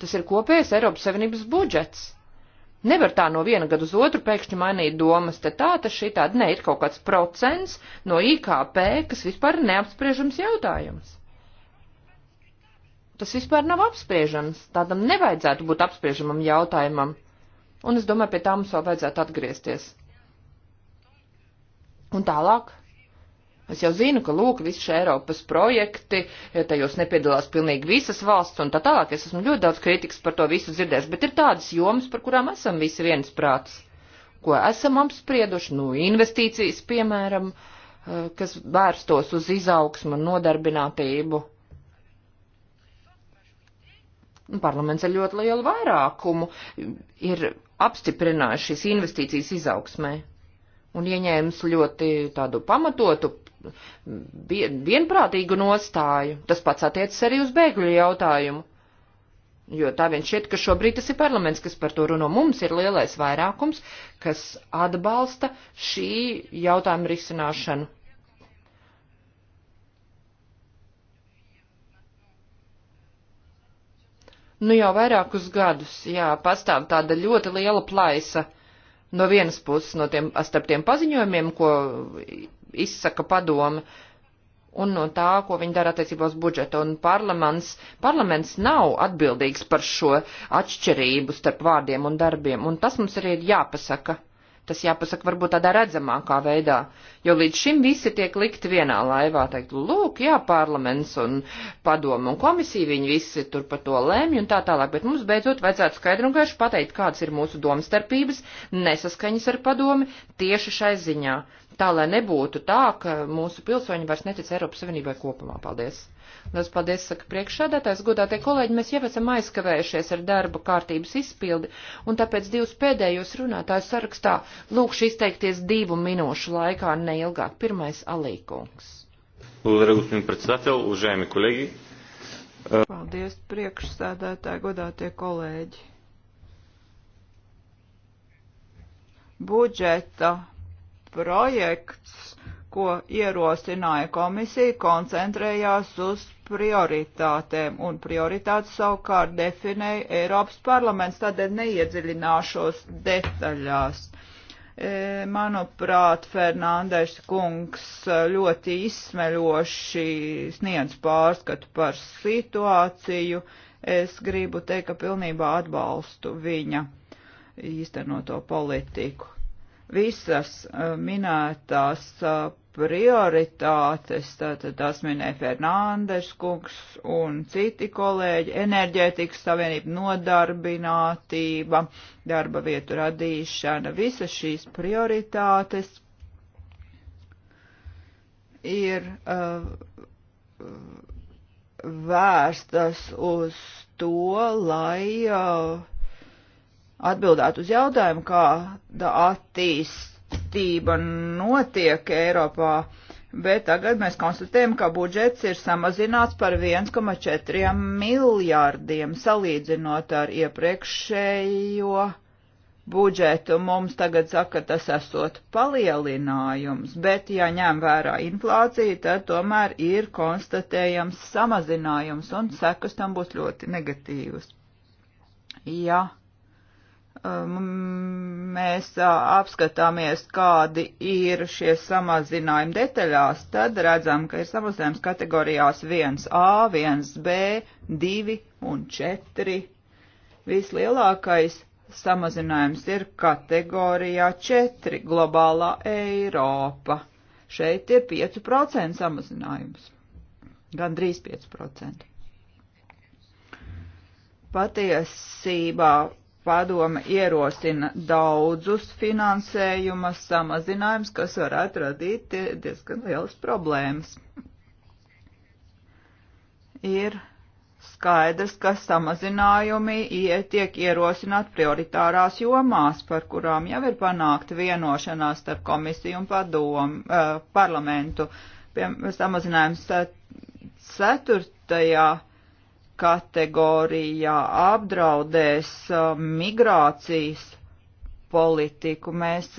Tas ir kopējais Eiropas Savienības budžets. Nevar tā no viena gada uz otru pēkšņi mainīt domas, te tā, tas šī tāda, ne, ir kaut kāds procents no IKP, kas vispār neapspriežams jautājums. Tas vispār nav apspriežams, tādam nevajadzētu būt apspriežamam jautājumam, un es domāju, pie tā mums vēl vajadzētu atgriezties. Un tālāk Es jau zinu, ka, lūk, visi šie Eiropas projekti, ja tajos nepiedalās pilnīgi visas valsts un tā tālāk. Es esmu ļoti daudz kritikas par to visu dzirdējis, bet ir tādas jomas, par kurām esam visi viens prāts, ko esam apsprieduši, nu, investīcijas, piemēram, eh, kas vērstos uz izaugsmu un nodarbinātību. Nu, parlaments ar ļoti lielu vairākumu ir apstiprinājis šīs investīcijas izaugsmē un ieņēmis ļoti tādu pamatotu vienprātīgu nostāju. Tas pats attiecas arī uz bēgļu jautājumu. Jo tā vien šķiet, ka šobrīd tas ir parlaments, kas par to runo. Mums ir lielais vairākums, kas atbalsta šī jautājuma risināšanu. Nu jau vairākus gadus, jā, pastāv tāda ļoti liela plaisa no vienas puses no tiem, starp tiem paziņojumiem, ko izsaka padome un no tā, ko viņi dara attiecībā uz budžetu. Un parlaments, parlaments nav atbildīgs par šo atšķirību starp vārdiem un darbiem, un tas mums arī ir jāpasaka. Tas jāpasaka varbūt tādā redzamākā veidā, jo līdz šim visi tiek likti vienā laivā, teikt, lūk, jā, parlaments un padomu un komisija, viņi visi tur par to lēmj un tā tālāk, bet mums beidzot vajadzētu skaidru un gaišu pateikt, kāds ir mūsu domstarpības, nesaskaņas ar padomi tieši šai ziņā. Tā lai nebūtu tā, ka mūsu pilsoņi vairs netic Eiropas Savienībai kopumā. Paldies! Lielas paldies, saka priekšsēdētājs, godātie kolēģi, mēs jau esam aizkavējušies ar darba kārtības izpildi, un tāpēc divus pēdējos runātājus sarakstā lūkšu izteikties divu minūšu laikā neilgāk. Pirmais alīkungs. Paldies, priekšsēdētāji, godātie kolēģi. Budžeta projekts, ko ierosināja komisija, koncentrējās uz prioritātēm, un prioritātes savukārt definēja Eiropas parlaments, tādēļ neiedziļināšos detaļās. E, manuprāt, Fernandes kungs ļoti izsmeļoši sniedz pārskatu par situāciju. Es gribu teikt, ka pilnībā atbalstu viņa īstenoto politiku visas eh, minētās eh, prioritātes, tātad tās minēja Fernandes kungs un citi kolēģi, enerģētikas savienība, nodarbinātība, darba vietu radīšana, visas šīs prioritātes ir uh, vērstas uz to, lai uh, atbildētu uz jautājumu, kāda attīstība notiek Eiropā, bet tagad mēs konstatējam, ka budžets ir samazināts par 1,4 miljārdiem salīdzinot ar iepriekšējo budžetu mums tagad saka, ka tas esot palielinājums, bet ja ņem vērā inflāciju, tad tomēr ir konstatējams samazinājums un sekas tam būs ļoti negatīvas. Ja Um, mēs uh, apskatāmies, kādi ir šie samazinājumi detaļās, tad redzam, ka ir samazinājums kategorijās 1A, 1B, 2 un 4. Vislielākais samazinājums ir kategorijā 4 globālā Eiropa. Šeit ir 5% samazinājums. Gan 3-5%. Patiesībā padoma ierosina daudzus finansējuma samazinājums, kas varētu radīt diezgan lielas problēmas. Ir skaidrs, ka samazinājumi tiek ierosināt prioritārās jomās, par kurām jau ir panākta vienošanās starp komisiju un padomu eh, parlamentu. Piem, samazinājums ceturtajā. Set, kategorijā apdraudēs uh, migrācijas politiku. Mēs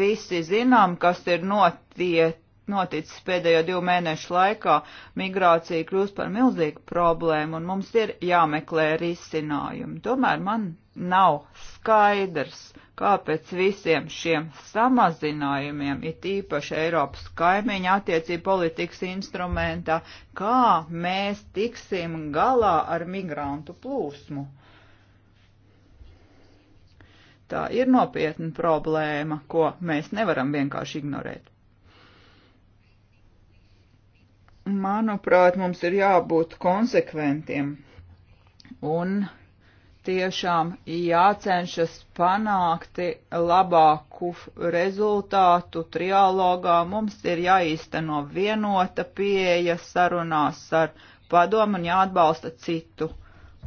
visi zinām, kas ir notiet noticis pēdējo divu mēnešu laikā, migrācija kļūst par milzīgu problēmu un mums ir jāmeklē risinājumi. Tomēr man nav skaidrs, kāpēc visiem šiem samazinājumiem, it īpaši Eiropas kaimiņa attiecību politikas instrumentā, kā mēs tiksim galā ar migrantu plūsmu. Tā ir nopietna problēma, ko mēs nevaram vienkārši ignorēt manuprāt, mums ir jābūt konsekventiem un tiešām jācenšas panākti labāku rezultātu trialogā. Mums ir jāīsteno vienota pieeja sarunās ar padomu un jāatbalsta citu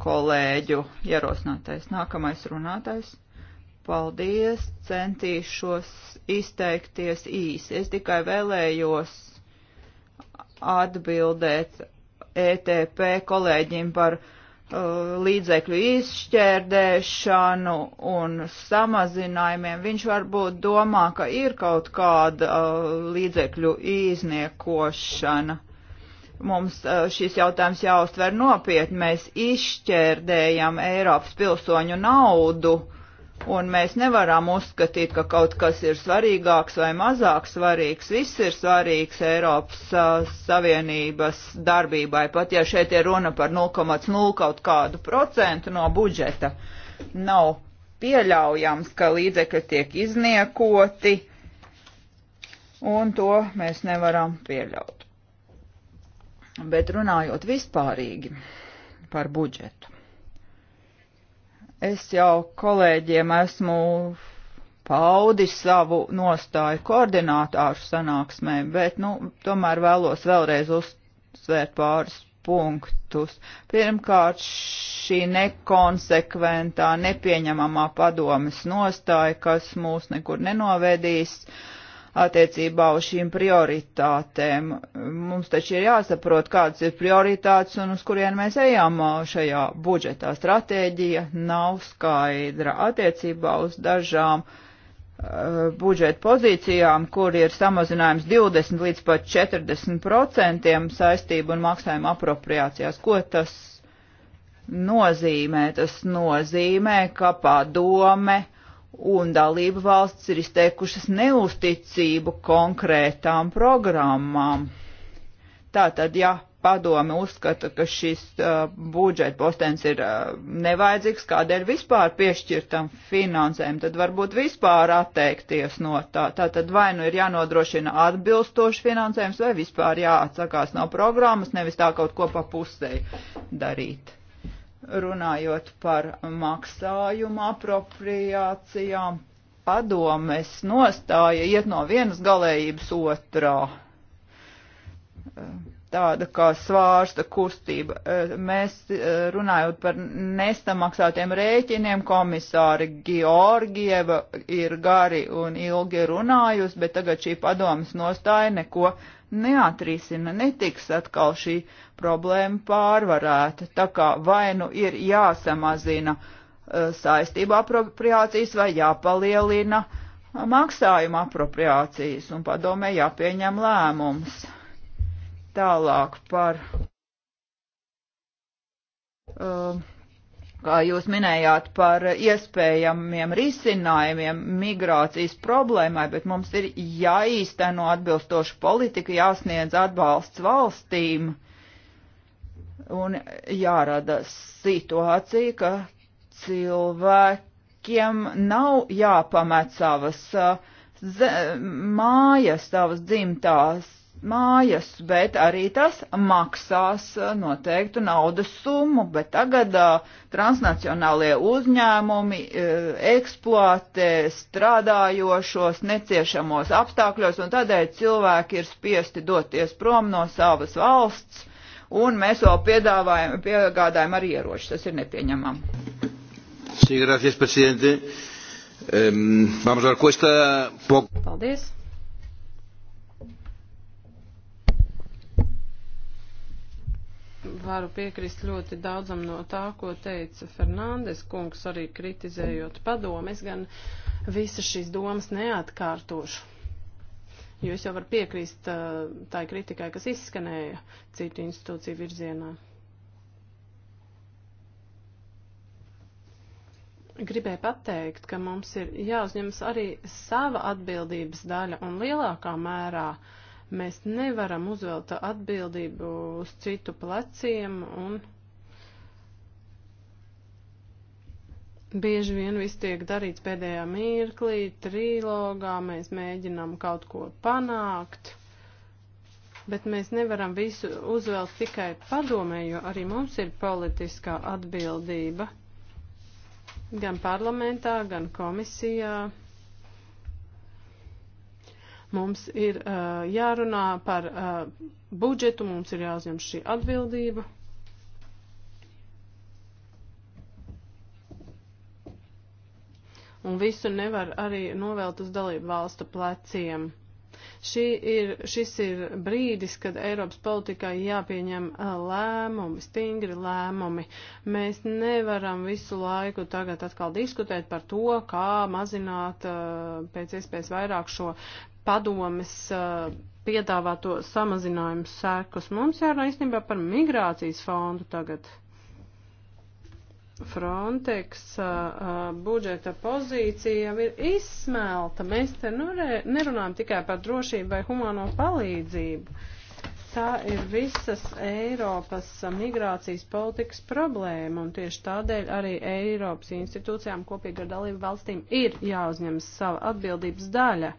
kolēģu ierosinātais. Nākamais runātais. Paldies, centīšos izteikties īsi. Es tikai vēlējos atbildēt ETP kolēģim par uh, līdzekļu izšķērdēšanu un samazinājumiem. Viņš varbūt domā, ka ir kaut kāda uh, līdzekļu izniekošana. Mums uh, šis jautājums jāuztver nopietni. Mēs izšķērdējam Eiropas pilsoņu naudu uh, Un mēs nevaram uzskatīt, ka kaut kas ir svarīgāks vai mazāk svarīgs. Viss ir svarīgs Eiropas uh, Savienības darbībai, pat ja šeit ir runa par 0,0 kaut kādu procentu no budžeta. Nav pieļaujams, ka līdzekļi tiek izniekoti, un to mēs nevaram pieļaut. Bet runājot vispārīgi par budžetu. Es jau kolēģiem esmu paudis savu nostāju koordinātāšu sanāksmē, bet, nu, tomēr vēlos vēlreiz uzsvērt pāris punktus. Pirmkārt, šī nekonsekventā, nepieņemamā padomas nostāja, kas mūs nekur nenovedīs. Uh, attiecībā uz šīm prioritātēm. Mums taču ir jāsaprot, kādas ir prioritātes un uz kurien mēs ejam šajā budžetā. Stratēģija nav skaidra attiecībā uz dažām budžeta pozīcijām, kur ir samazinājums 20 līdz pat 40% saistību un maksājumu apropriācijās. Ko tas nozīmē? Tas nozīmē, ka padome un dalību valsts ir izteikušas neusticību konkrētām programmām. Tātad, ja padome uzskata, ka šis uh, budžeta postens ir uh, nevajadzīgs, kādēļ vispār piešķirtam finansēm, tad varbūt vispār atteikties no tā. Tātad vai nu ir jānodrošina atbilstoši finansējums, vai vispār jāatsakās no programmas, nevis tā kaut ko pa pusē darīt runājot par maksājumu apropriācijām, padomes nostāja iet no vienas galējības otrā. Uh, tāda kā svārsta kustība. Eh, mēs eh, runājot par nestamaksātiem rēķiniem, komisāri Georgieva ir gari un ilgi runājusi, bet tagad šī padomas nostāja neko neatrisina, netiks atkal šī problēma pārvarēta. Tā kā vai nu ir jāsamazina eh, saistība apropriācijas vai jāpalielina maksājuma apropriācijas un padomē jāpieņem lēmums Tālāk par. Uh, kā jūs minējāt, par iespējamiem risinājumiem migrācijas problēmai, bet mums ir jāīsteno atbilstoši politika, jāsniedz atbalsts valstīm un jārada situācija, ka cilvēkiem nav jāpamet savas uh, mājas, savas dzimtās mājas, bet arī tas maksās uh, noteiktu naudas summu, bet tagad uh, transnacionālie uzņēmumi uh, eksploatē strādājošos neciešamos apstākļos, un tādēļ cilvēki ir spiesti doties prom no savas valsts, un mēs vēl piedāvājam, piegādājam arī ieroči. Tas ir nepieņemam. Sí, gracias, presidente. Um, vamos a dar cuesta poco. Paldies. varu piekrist ļoti daudzam no tā, ko teica Fernandes kungs, arī kritizējot padomu. Es gan visas šīs domas neatkārtošu, jo es jau varu piekrist uh, tai kritikai, kas izskanēja citu institūciju virzienā. gribēju pateikt, ka mums ir jāuzņemas arī sava atbildības daļa un lielākā mērā uh, Mēs nevaram uzvelt atbildību uz citu pleciem un bieži vien viss tiek darīts pēdējā mirklī, trilogā, mēs mēģinam kaut ko panākt, bet mēs nevaram visu uzvelt tikai padomē, jo arī mums ir politiskā atbildība gan parlamentā, gan komisijā. Mums ir uh, jārunā par uh, budžetu, mums ir jāuzņem šī atbildība. Un visu nevar arī novelt uz dalību valstu pleciem. Šī ir, šis ir brīdis, kad Eiropas politikai jāpieņem uh, lēmumi, stingri lēmumi. Mēs nevaram visu laiku tagad atkal diskutēt par to, kā mazināt uh, pēc iespējas vairāk šo padomes eh, piedāvāto samazinājumu sēkus. Mums jārunā īstenībā par migrācijas fondu tagad. Frontex uh, budžeta pozīcija jau ir izsmelta. Mēs te nu nerunājam tikai par drošību vai humāno palīdzību tā ir visas Eiropas migrācijas politikas problēma, un tieši tādēļ arī Eiropas institūcijām kopīgi ar dalību valstīm ir jāuzņemas sava atbildības daļa.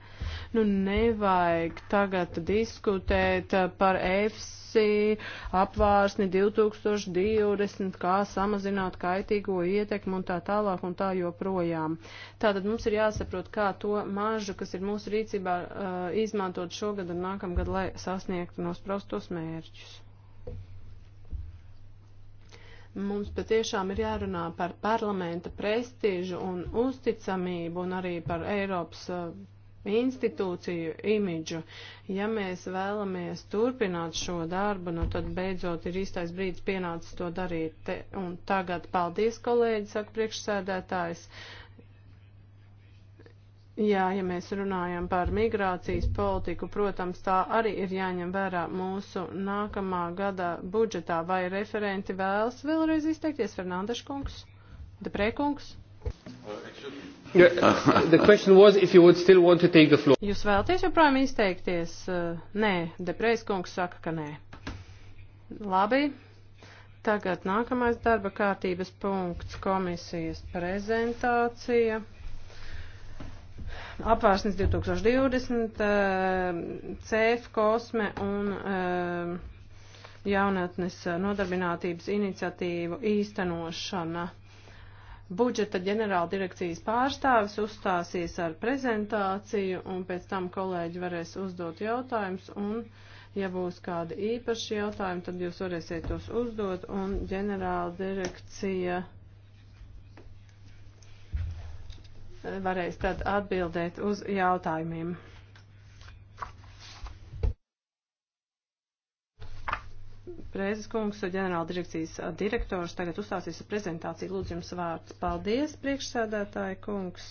Nu, nevajag tagad diskutēt par EFS visi apvārsni 2020, kā samazināt kaitīgo ietekmu un tā tālāk un tā joprojām. Tātad mums ir jāsaprot, kā to maržu, kas ir mūsu rīcībā, uh, izmantot šogad un nākamgad, lai sasniegtu nospraustos mērķus mums patiešām ir jārunā par parlamenta prestīžu un uzticamību un arī par Eiropas uh, institūciju imidžu. Ja mēs vēlamies turpināt šo darbu, nu tad beidzot ir īstais brīdis pienācis to darīt. Te un tagad paldies, kolēģi, saka priekšsēdētājs. Jā, ja mēs runājam par migrācijas politiku, protams, tā arī ir jāņem vērā mūsu nākamā gada budžetā. Vai referenti vēlas vēlreiz izteikties, Fernandeša kungs, Deprē kungs? Jūs vēlaties joprojām izteikties? Uh, nē, Depreis kungs saka, ka nē. Labi. Tagad nākamais darba kārtības punkts komisijas prezentācija. Apvērsnes 2020, uh, CF, Kosme un uh, jaunatnes nodarbinātības iniciatīvu īstenošana budžeta ģenerāla direkcijas pārstāvis uzstāsies ar prezentāciju, un pēc tam kolēģi varēs uzdot jautājumus, un, ja būs kādi īpaši jautājumi, tad jūs varēsiet tos uzdot, un ģenerāla direkcija varēs tad atbildēt uz jautājumiem. Prēzes kungs, ģenerāla direkcijas direktors, tagad uzstāsies ar prezentāciju. Lūdzu, jums vārds. Paldies, priekšsēdētāji kungs.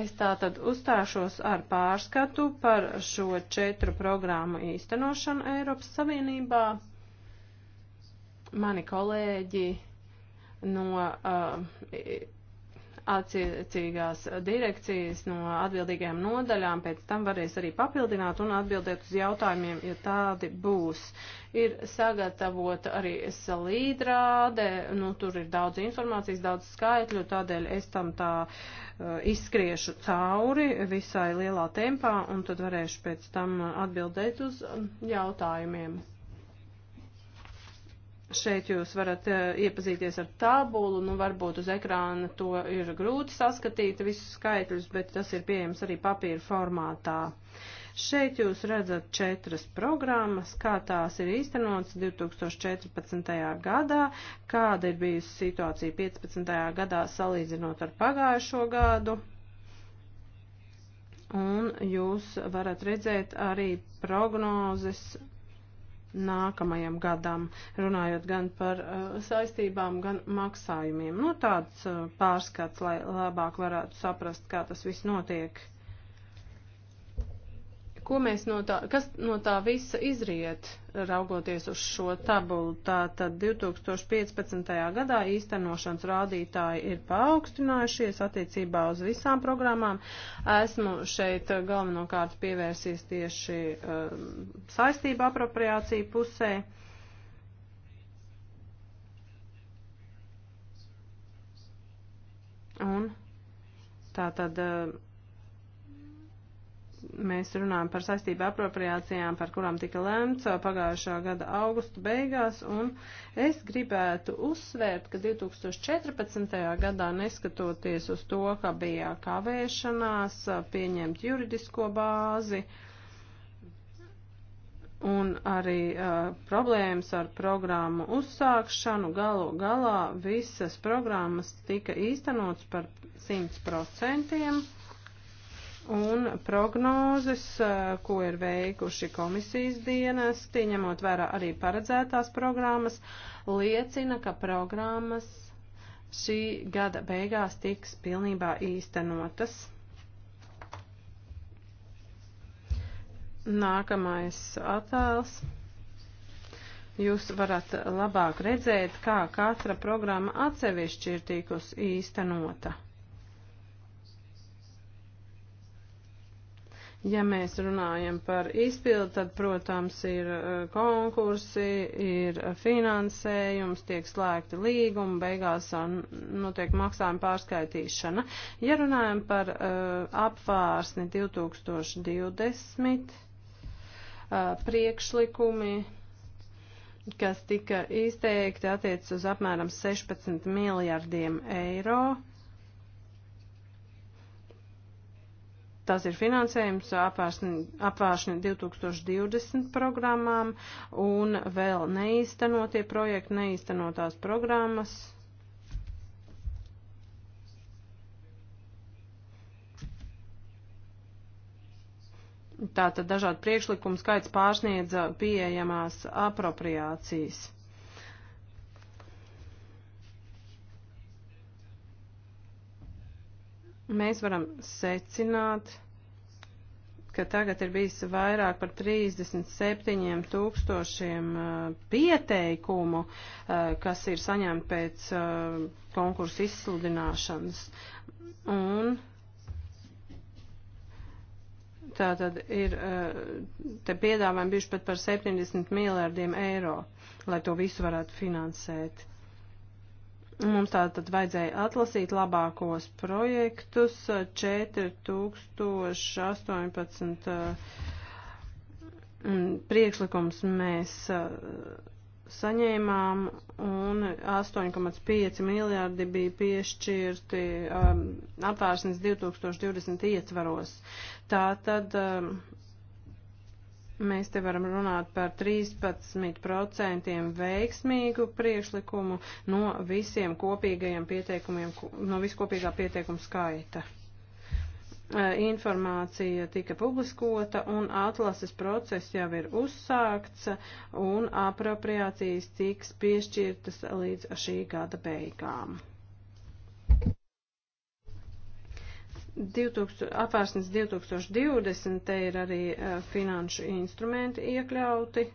Es tātad uzstāšos ar pārskatu par šo četru programmu īstenošanu Eiropas Savienībā. Mani kolēģi no uh, attiecīgās direkcijas no atbildīgajām nodaļām pēc tam varēs arī papildināt un atbildēt uz jautājumiem, ja tādi būs. Ir sagatavota arī salīdrāde, nu tur ir daudz informācijas, daudz skaitļu, tādēļ es tam tā uh, izskriešu cauri visai lielā tempā un tad varēšu pēc tam atbildēt uz um, jautājumiem. Šeit jūs varat eh, iepazīties ar tabulu, nu varbūt uz ekrāna to ir grūti saskatīt visus skaitļus, bet tas ir pieejams arī papīra formātā. Šeit jūs redzat četras programmas, kā tās ir īstenotas 2014. gadā, kāda ir bijusi situācija 15. gadā salīdzinot ar pagājušo gadu. Un jūs varat redzēt arī prognozes nākamajam gadam, runājot gan par uh, saistībām, gan maksājumiem. Nu, tāds uh, pārskats, lai labāk varētu saprast, kā tas viss notiek. Ko mēs no tā, kas no tā visa izriet, raugoties uz šo tabulu? Tā tad 2015. gadā īstenošanas rādītāji ir paaugstinājušies attiecībā uz visām programmām. Esmu šeit galvenokārt pievērsies tieši um, saistību apropriāciju pusē. Un tā tad. Uh, mēs runājam par saistību apropriācijām, par kurām tika lēmts pagājušā gada augusta beigās, un es gribētu uzsvērt, ka 2014. gadā, neskatoties uz to, ka bija kavēšanās pieņemt juridisko bāzi, Un arī uh, problēmas ar programmu uzsākšanu galu galā visas programmas tika īstenots par 100% un prognozes, eh, ko ir veikuši komisijas dienesti, ņemot vērā arī paredzētās programmas, liecina, ka programmas šī gada beigās tiks pilnībā īstenotas. Nākamais attēls. Jūs varat labāk redzēt, kā katra programma atsevišķi ir tikusi īstenota. Ja mēs runājam par izpildu, tad, protams, ir e, konkursi, ir e, finansējums, tiek slēgti līgumi, beigās e, notiek maksājuma pārskaitīšana. Ja runājam par uh, apvārsni 2020, uh, priekšlikumi kas tika izteikti attiec uz apmēram 16 miljardiem eiro Tas ir finansējums apvāršņa 2020 programmām un vēl neīstenotie projekti, neīstenotās programmas. Tātad dažādu priekšlikumu skaits pārsniedza pieejamās apropriācijas. mēs varam secināt, ka tagad ir bijis vairāk par 37 tūkstošiem uh, pieteikumu, uh, kas ir saņemti pēc uh, konkursu izsludināšanas. Un tā tad ir, te piedāvājumi bijuši pat par 70 miljārdiem eiro, lai to visu varētu finansēt. Mums tātad vajadzēja atlasīt labākos projektus 4018 mm, priekšlikums mēs eh, saņēmām un 8,5 miljardi bija piešķirti eh, apvērsnes 2020 ietvaros. Tātad eh, Mēs te varam runāt par 13% veiksmīgu priekšlikumu no visiem kopīgajiem pieteikumiem, no viskopīgā pieteikuma skaita. Informācija tika publiskota un atlases process jau ir uzsākts un apropriācijas tiks piešķirtas līdz šī gada beigām. apvērsnes 2020, te ir arī uh, finanšu instrumenti iekļauti,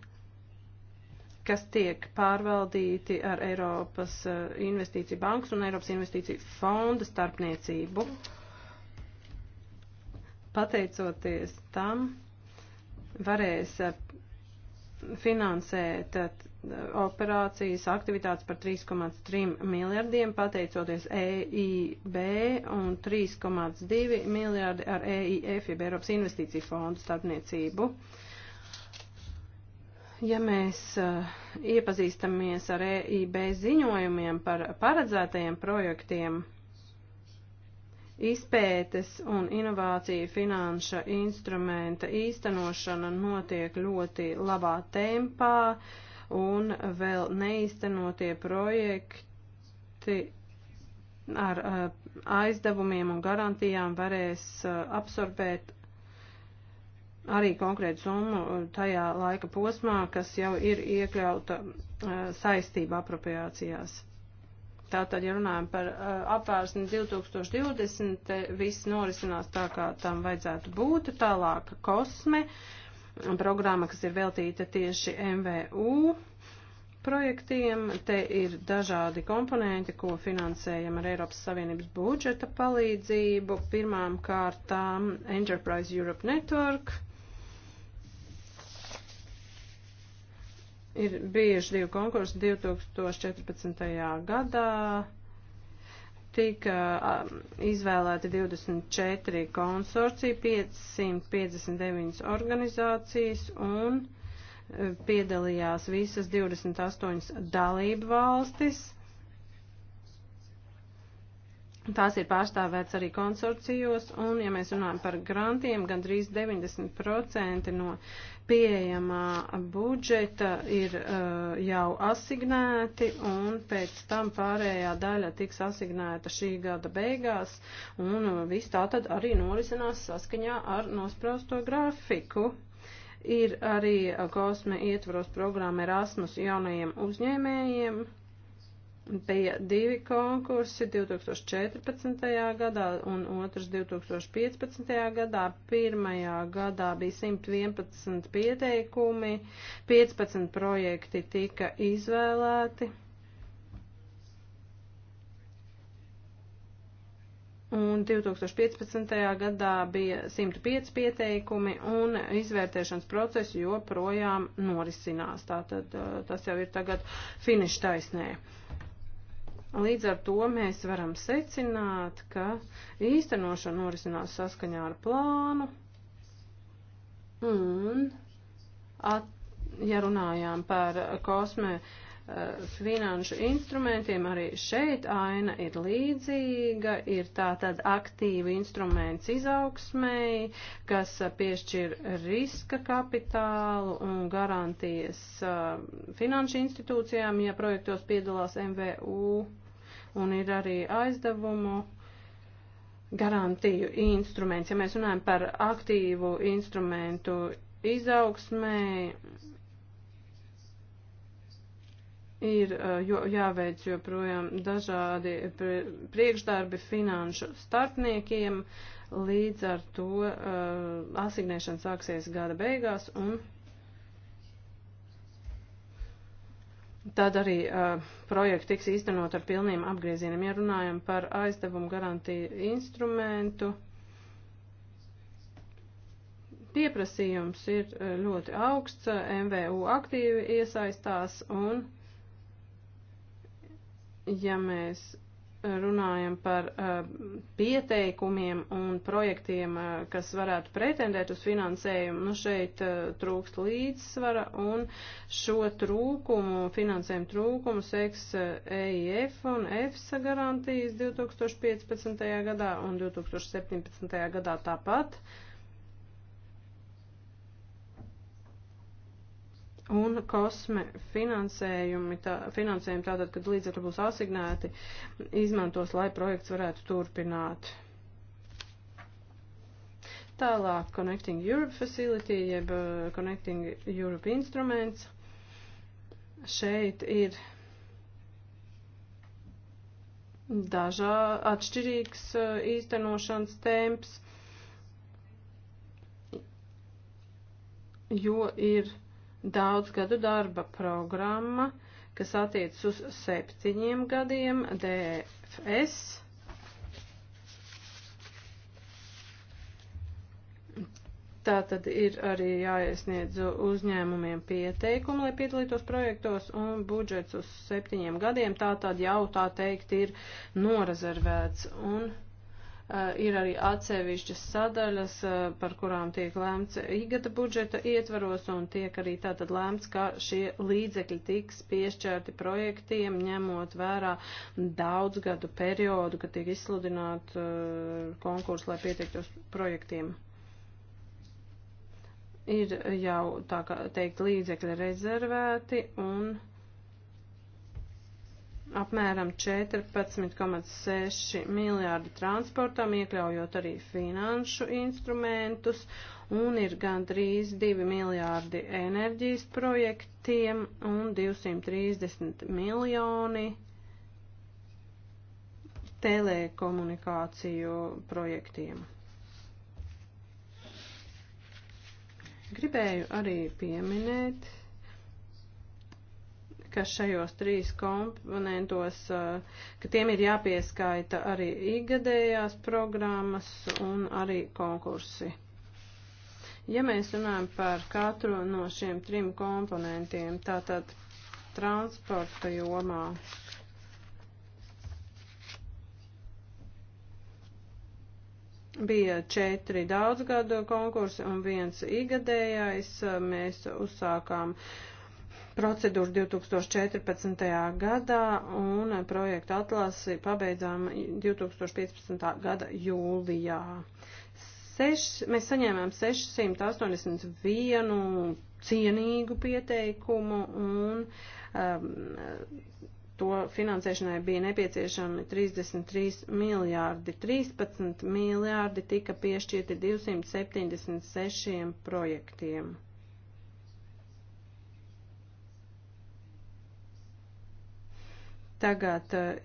kas tiek pārvaldīti ar Eiropas uh, investīciju bankas un Eiropas investīciju fonda starpniecību. Pateicoties tam, varēs uh, finansēt uh, operācijas aktivitātes par 3,3 miljardiem, pateicoties EIB un 3,2 miljardi ar EIF, jeb Eiropas investīciju fondu starpniecību. Ja mēs eh, iepazīstamies ar EIB ziņojumiem par paredzētajiem projektiem, izpētes un inovācija finanša instrumenta īstenošana notiek ļoti labā tempā. Uh, un vēl neīstenotie projekti ar eh, aizdevumiem un garantijām varēs eh, absorbēt arī konkrētu summu eh, tajā laika posmā, kas jau ir iekļauta saistība apropriācijās. Tātad, ja runājam par apvērsni 2020, viss norisinās tā, kā tam vajadzētu būt. Tālāk kosme. Uh, programma, kas ir veltīta tieši MVU projektiem. Te ir dažādi komponenti, ko finansējam ar Eiropas Savienības budžeta palīdzību. Pirmām kārtām Enterprise Europe Network. Ir bijuši divi konkursi 2014. gadā tika izvēlēti 24 konsorcija, 559 organizācijas un e, piedalījās visas 28 dalību valstis. Tās ir pārstāvēts arī konsorcijos, un, ja mēs runājam par grantiem, gandrīz 90% no pieejamā budžeta ir uh, jau asignēti un pēc tam pārējā daļa tiks asignēta šī gada beigās un uh, viss tā tad arī norisinās saskaņā ar nosprausto grafiku. Ir arī uh, kosme ietvaros programma Erasmus jaunajiem uzņēmējiem, bija divi konkursi 2014. gadā un otrs 2015. gadā. Pirmajā gadā bija 111 pieteikumi, 15 projekti tika izvēlēti. Un 2015. gadā bija 105 pieteikumi un izvērtēšanas procesi joprojām norisinās. Tātad eh, tas jau ir tagad finištaisnē. taisnē. Līdz ar to mēs varam secināt, ka īstenošana norisinās saskaņā ar plānu un, at, ja runājām par kosmē uh, eh, finanšu instrumentiem, arī šeit aina ir līdzīga, ir tā tad aktīva instruments izaugsmēji, kas piešķir riska kapitālu un garantijas uh, finanšu institūcijām, ja projektos piedalās MVU un ir arī aizdevumu garantiju instruments. Ja mēs runājam par aktīvu instrumentu izaugsmē, ir uh, jo, jāveic joprojām dažādi priekšdarbi finanšu starpniekiem, līdz ar to uh, asignēšana sāksies gada beigās un Tad arī uh, projekti tiks īstenot ar pilniem apgriezieniem. Ja runājam par aizdevumu garantiju instrumentu, pieprasījums ir uh, ļoti augsts, MVU aktīvi iesaistās un, ja mēs runājam par uh, pieteikumiem un projektiem, uh, kas varētu pretendēt uz finansējumu, nu šeit uh, trūkst līdzsvara un šo trūkumu, finansējumu trūkumu seks uh, EIF un EFSA garantijas 2015. gadā un 2017. gadā tāpat. Uh, un kosme finansējumi, tā, finansējumi tātad, kad līdzekļi būs asignēti, izmantos, lai projekts varētu turpināt. Tālāk Connecting Europe Facility, jeb uh, Connecting Europe instruments. Šeit ir dažā atšķirīgs uh, īstenošanas temps, jo ir Daudzgadu darba programma, kas attiecas uz septiņiem gadiem, DFS. Tā tad ir arī jāiesniedz uzņēmumiem pieteikumu, lai piedalītos projektos, un budžets uz septiņiem gadiem tā tad jau tā teikt ir norezervēts. Un Eh, ir arī atsevišķas sadaļas, eh, par kurām tiek lēmts igada budžeta ietvaros, un tiek arī tātad lēmts, ka šie līdzekļi tiks piešķērti projektiem, ņemot vērā daudz gadu periodu, kad tiek izsludināt eh, konkursu, lai pieteiktos projektiem. Ir jau, tā kā teikt, līdzekļi rezervēti un apmēram 14,6 miljārdi transportam, iekļaujot arī finanšu instrumentus, un ir gandrīz 2 miljārdi enerģijas projektiem un 230 miljoni telekomunikāciju projektiem. Gribēju arī pieminēt, ka šajos trīs komponentos, eh, ka tiem ir jāpieskaita arī ikgadējās programmas un arī konkursi. Ja mēs runājam par katru no šiem trim komponentiem, tātad transporta jomā, bija četri daudzgadu konkursi un viens igadējais. Eh, mēs uzsākām uh, procedūru 2014. gadā un projektu atlasi pabeidzām 2015. gada jūlijā. Seš, mēs saņēmām 681 cienīgu pieteikumu un um, to finansēšanai bija nepieciešami 33 miljārdi, 13 miljārdi tika piešķirti 276 projektiem. Tagad eh,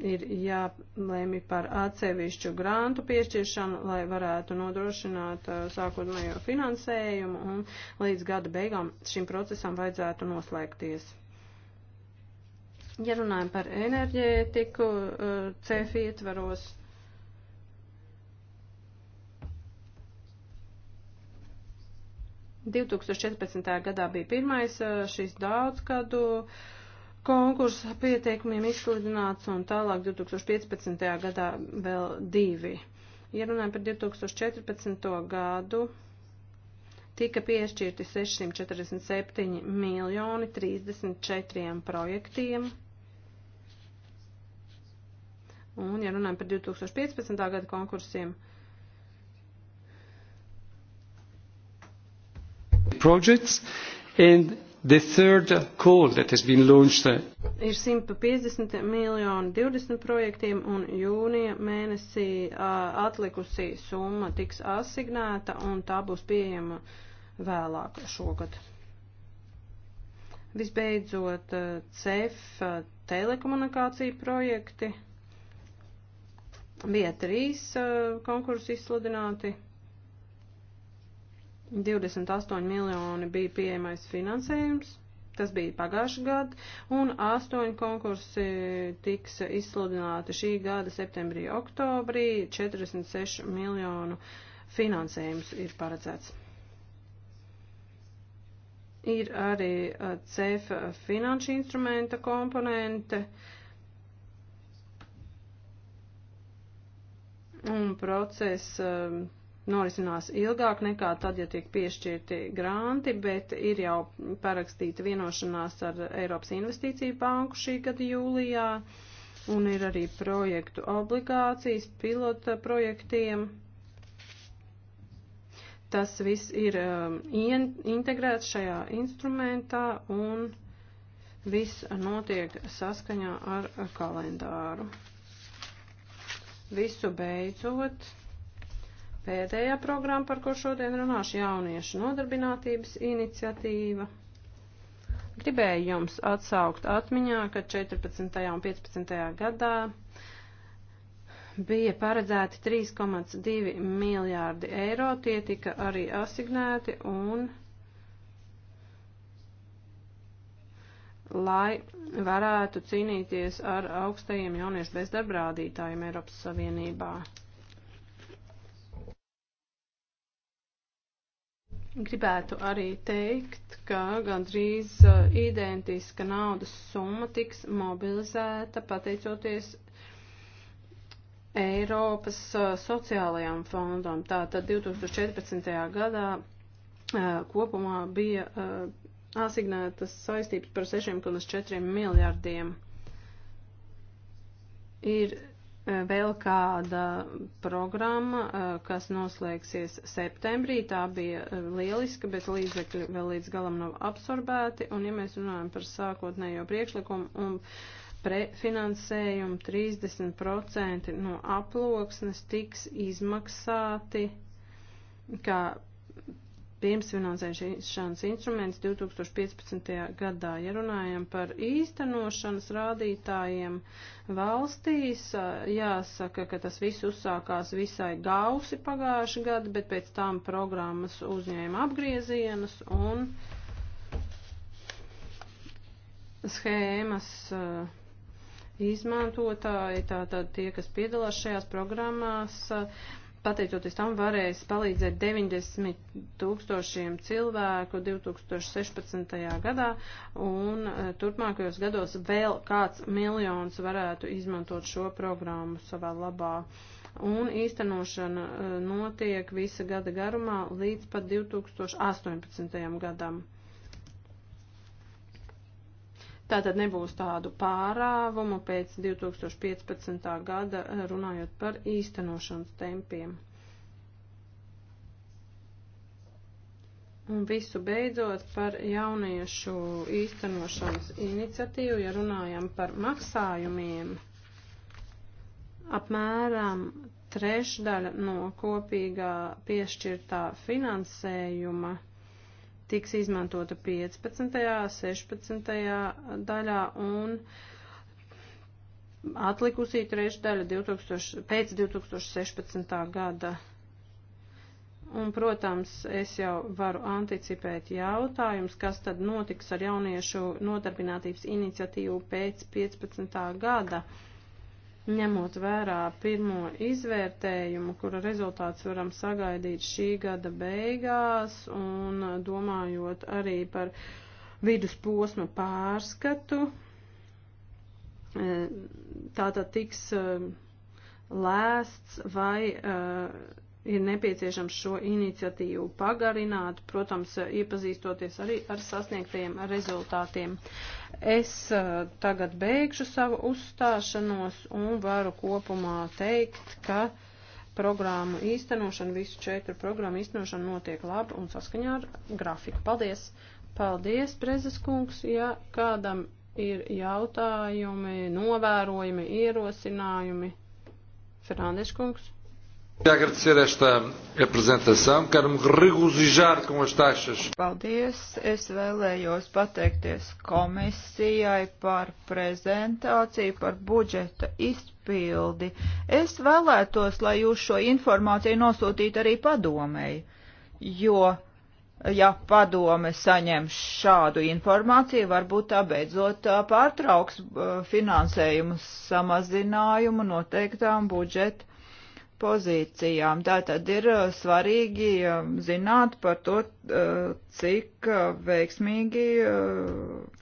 ir jālēmi par atsevišķu grantu piešķiršanu, lai varētu nodrošināt eh, sākotnējo finansējumu, un līdz gada beigām šim procesam vajadzētu noslēgties. Ja runājam par enerģētiku, eh, CEF ietvaros. Gadā bija pirmais šis daudzgadu uh, konkursa pieteikumiem izsludināts un tālāk 2015. gadā vēl divi. Ja runājam par 2014. gadu, tika piešķirti 647 miljoni 34 projektiem. Un, ja runājam par 2015. gada konkursiem, projects and The third call that has been launched. Uh, Ir 150 miljoni 20 projektiem un jūnija mēnesī uh, atlikusī summa tiks asignēta un tā būs pieejama vēlāk šogad. Visbeidzot, uh, CEF uh, telekomunikācija projekti. Bija trīs uh, konkursi izsludināti. 28 miljoni bija pieejamais finansējums, tas bija pagājuši gadu, un astoņi konkursi tiks izsludināti šī gada septembrī, oktobrī, 46 miljonu finansējums ir paredzēts. Ir arī uh, CEF finanšu instrumenta komponente, un process um, norisinās ilgāk nekā tad, ja tiek piešķirti granti, bet ir jau parakstīta vienošanās ar Eiropas investīciju banku šī gada jūlijā, un ir arī projektu obligācijas pilota projektiem. Tas viss ir um, integrēts šajā instrumentā, un viss notiek saskaņā ar kalendāru. Visu beidzot. Pēdējā programma, par ko šodien runāšu, jauniešu nodarbinātības iniciatīva. Gribēju jums atsaukt atmiņā, ka 14. un 15. gadā bija paredzēti 3,2 miljārdi eiro, tie tika arī asignēti un lai varētu cīnīties ar augstajiem jauniešu bezdarbrādītājiem Eiropas Savienībā. Gribētu arī teikt, ka gandrīz uh, identiska naudas summa tiks mobilizēta pateicoties Eiropas uh, sociālajām fondām. Tātad 2014. gadā uh, kopumā bija asignētas saistības par 6,4 miljārdiem. Ir vēl kāda programma, eh, kas noslēgsies septembrī. Tā bija eh, lieliska, bet līdzekļi vēl līdz galam nav absorbēti. Un, ja mēs runājam par sākotnējo priekšlikumu un prefinansējumu, 30% no aploksnes tiks izmaksāti kā pirmsfinansēšanas instruments 2015. gadā. Ja runājam par īstenošanas rādītājiem valstīs, jāsaka, ka tas viss uzsākās visai gausi pagājuši gadu, bet pēc tam programmas uzņēma apgriezienus un schēmas izmantotāji, tātad tie, kas piedalās šajās programmās, pateicoties tam varēs palīdzēt 90 tūkstošiem cilvēku 2016. gadā, un e, turpmākajos gados vēl kāds miljons varētu izmantot šo programmu savā labā. Un īstenošana e, notiek visa gada garumā līdz pat 2018. gadam. Tātad nebūs tādu pārāvumu pēc 2015. gada eh, runājot par īstenošanas tempiem. Un visu beidzot par jauniešu īstenošanas iniciatīvu, ja runājam par maksājumiem, apmēram trešdaļa no kopīgā piešķirtā finansējuma – tiks izmantota 15., 16. daļā un atlikusī trešdaļa 2000, pēc 2016. gada. Un, protams, es jau varu anticipēt jautājums, kas tad notiks ar jauniešu nodarbinātības iniciatīvu pēc 15. gada. Uh, ņemot vērā pirmo izvērtējumu, kura rezultāts varam sagaidīt šī gada beigās un domājot arī par vidusposma pārskatu, e, tātad tiks e, lēsts vai e, ir nepieciešams šo iniciatīvu pagarināt, protams, iepazīstoties arī ar sasniegtajiem rezultātiem. Es eh, tagad beigšu savu uzstāšanos un varu kopumā teikt, ka programmu īstenošana, visu četru programmu īstenošana notiek labi un saskaņā ar grafiku. Paldies! Paldies, prezes kungs, ja kādam ir jautājumi, novērojumi, ierosinājumi. Fernandes kungs. Agradecer esta apresentação, quero-me regozijar com as taxas. Paldies, es vēlējos pateikties komisijai par prezentāciju, par budžeta izpildi. Es vēlētos, lai jūs šo informāciju nosūtītu arī padomēji, jo, ja padome saņem šādu informāciju, varbūt tā beidzot pārtrauks finansējumu samazinājumu noteiktām budžeta pozīcijām. Tā tad ir uh, svarīgi um, zināt par to, uh, cik uh, veiksmīgi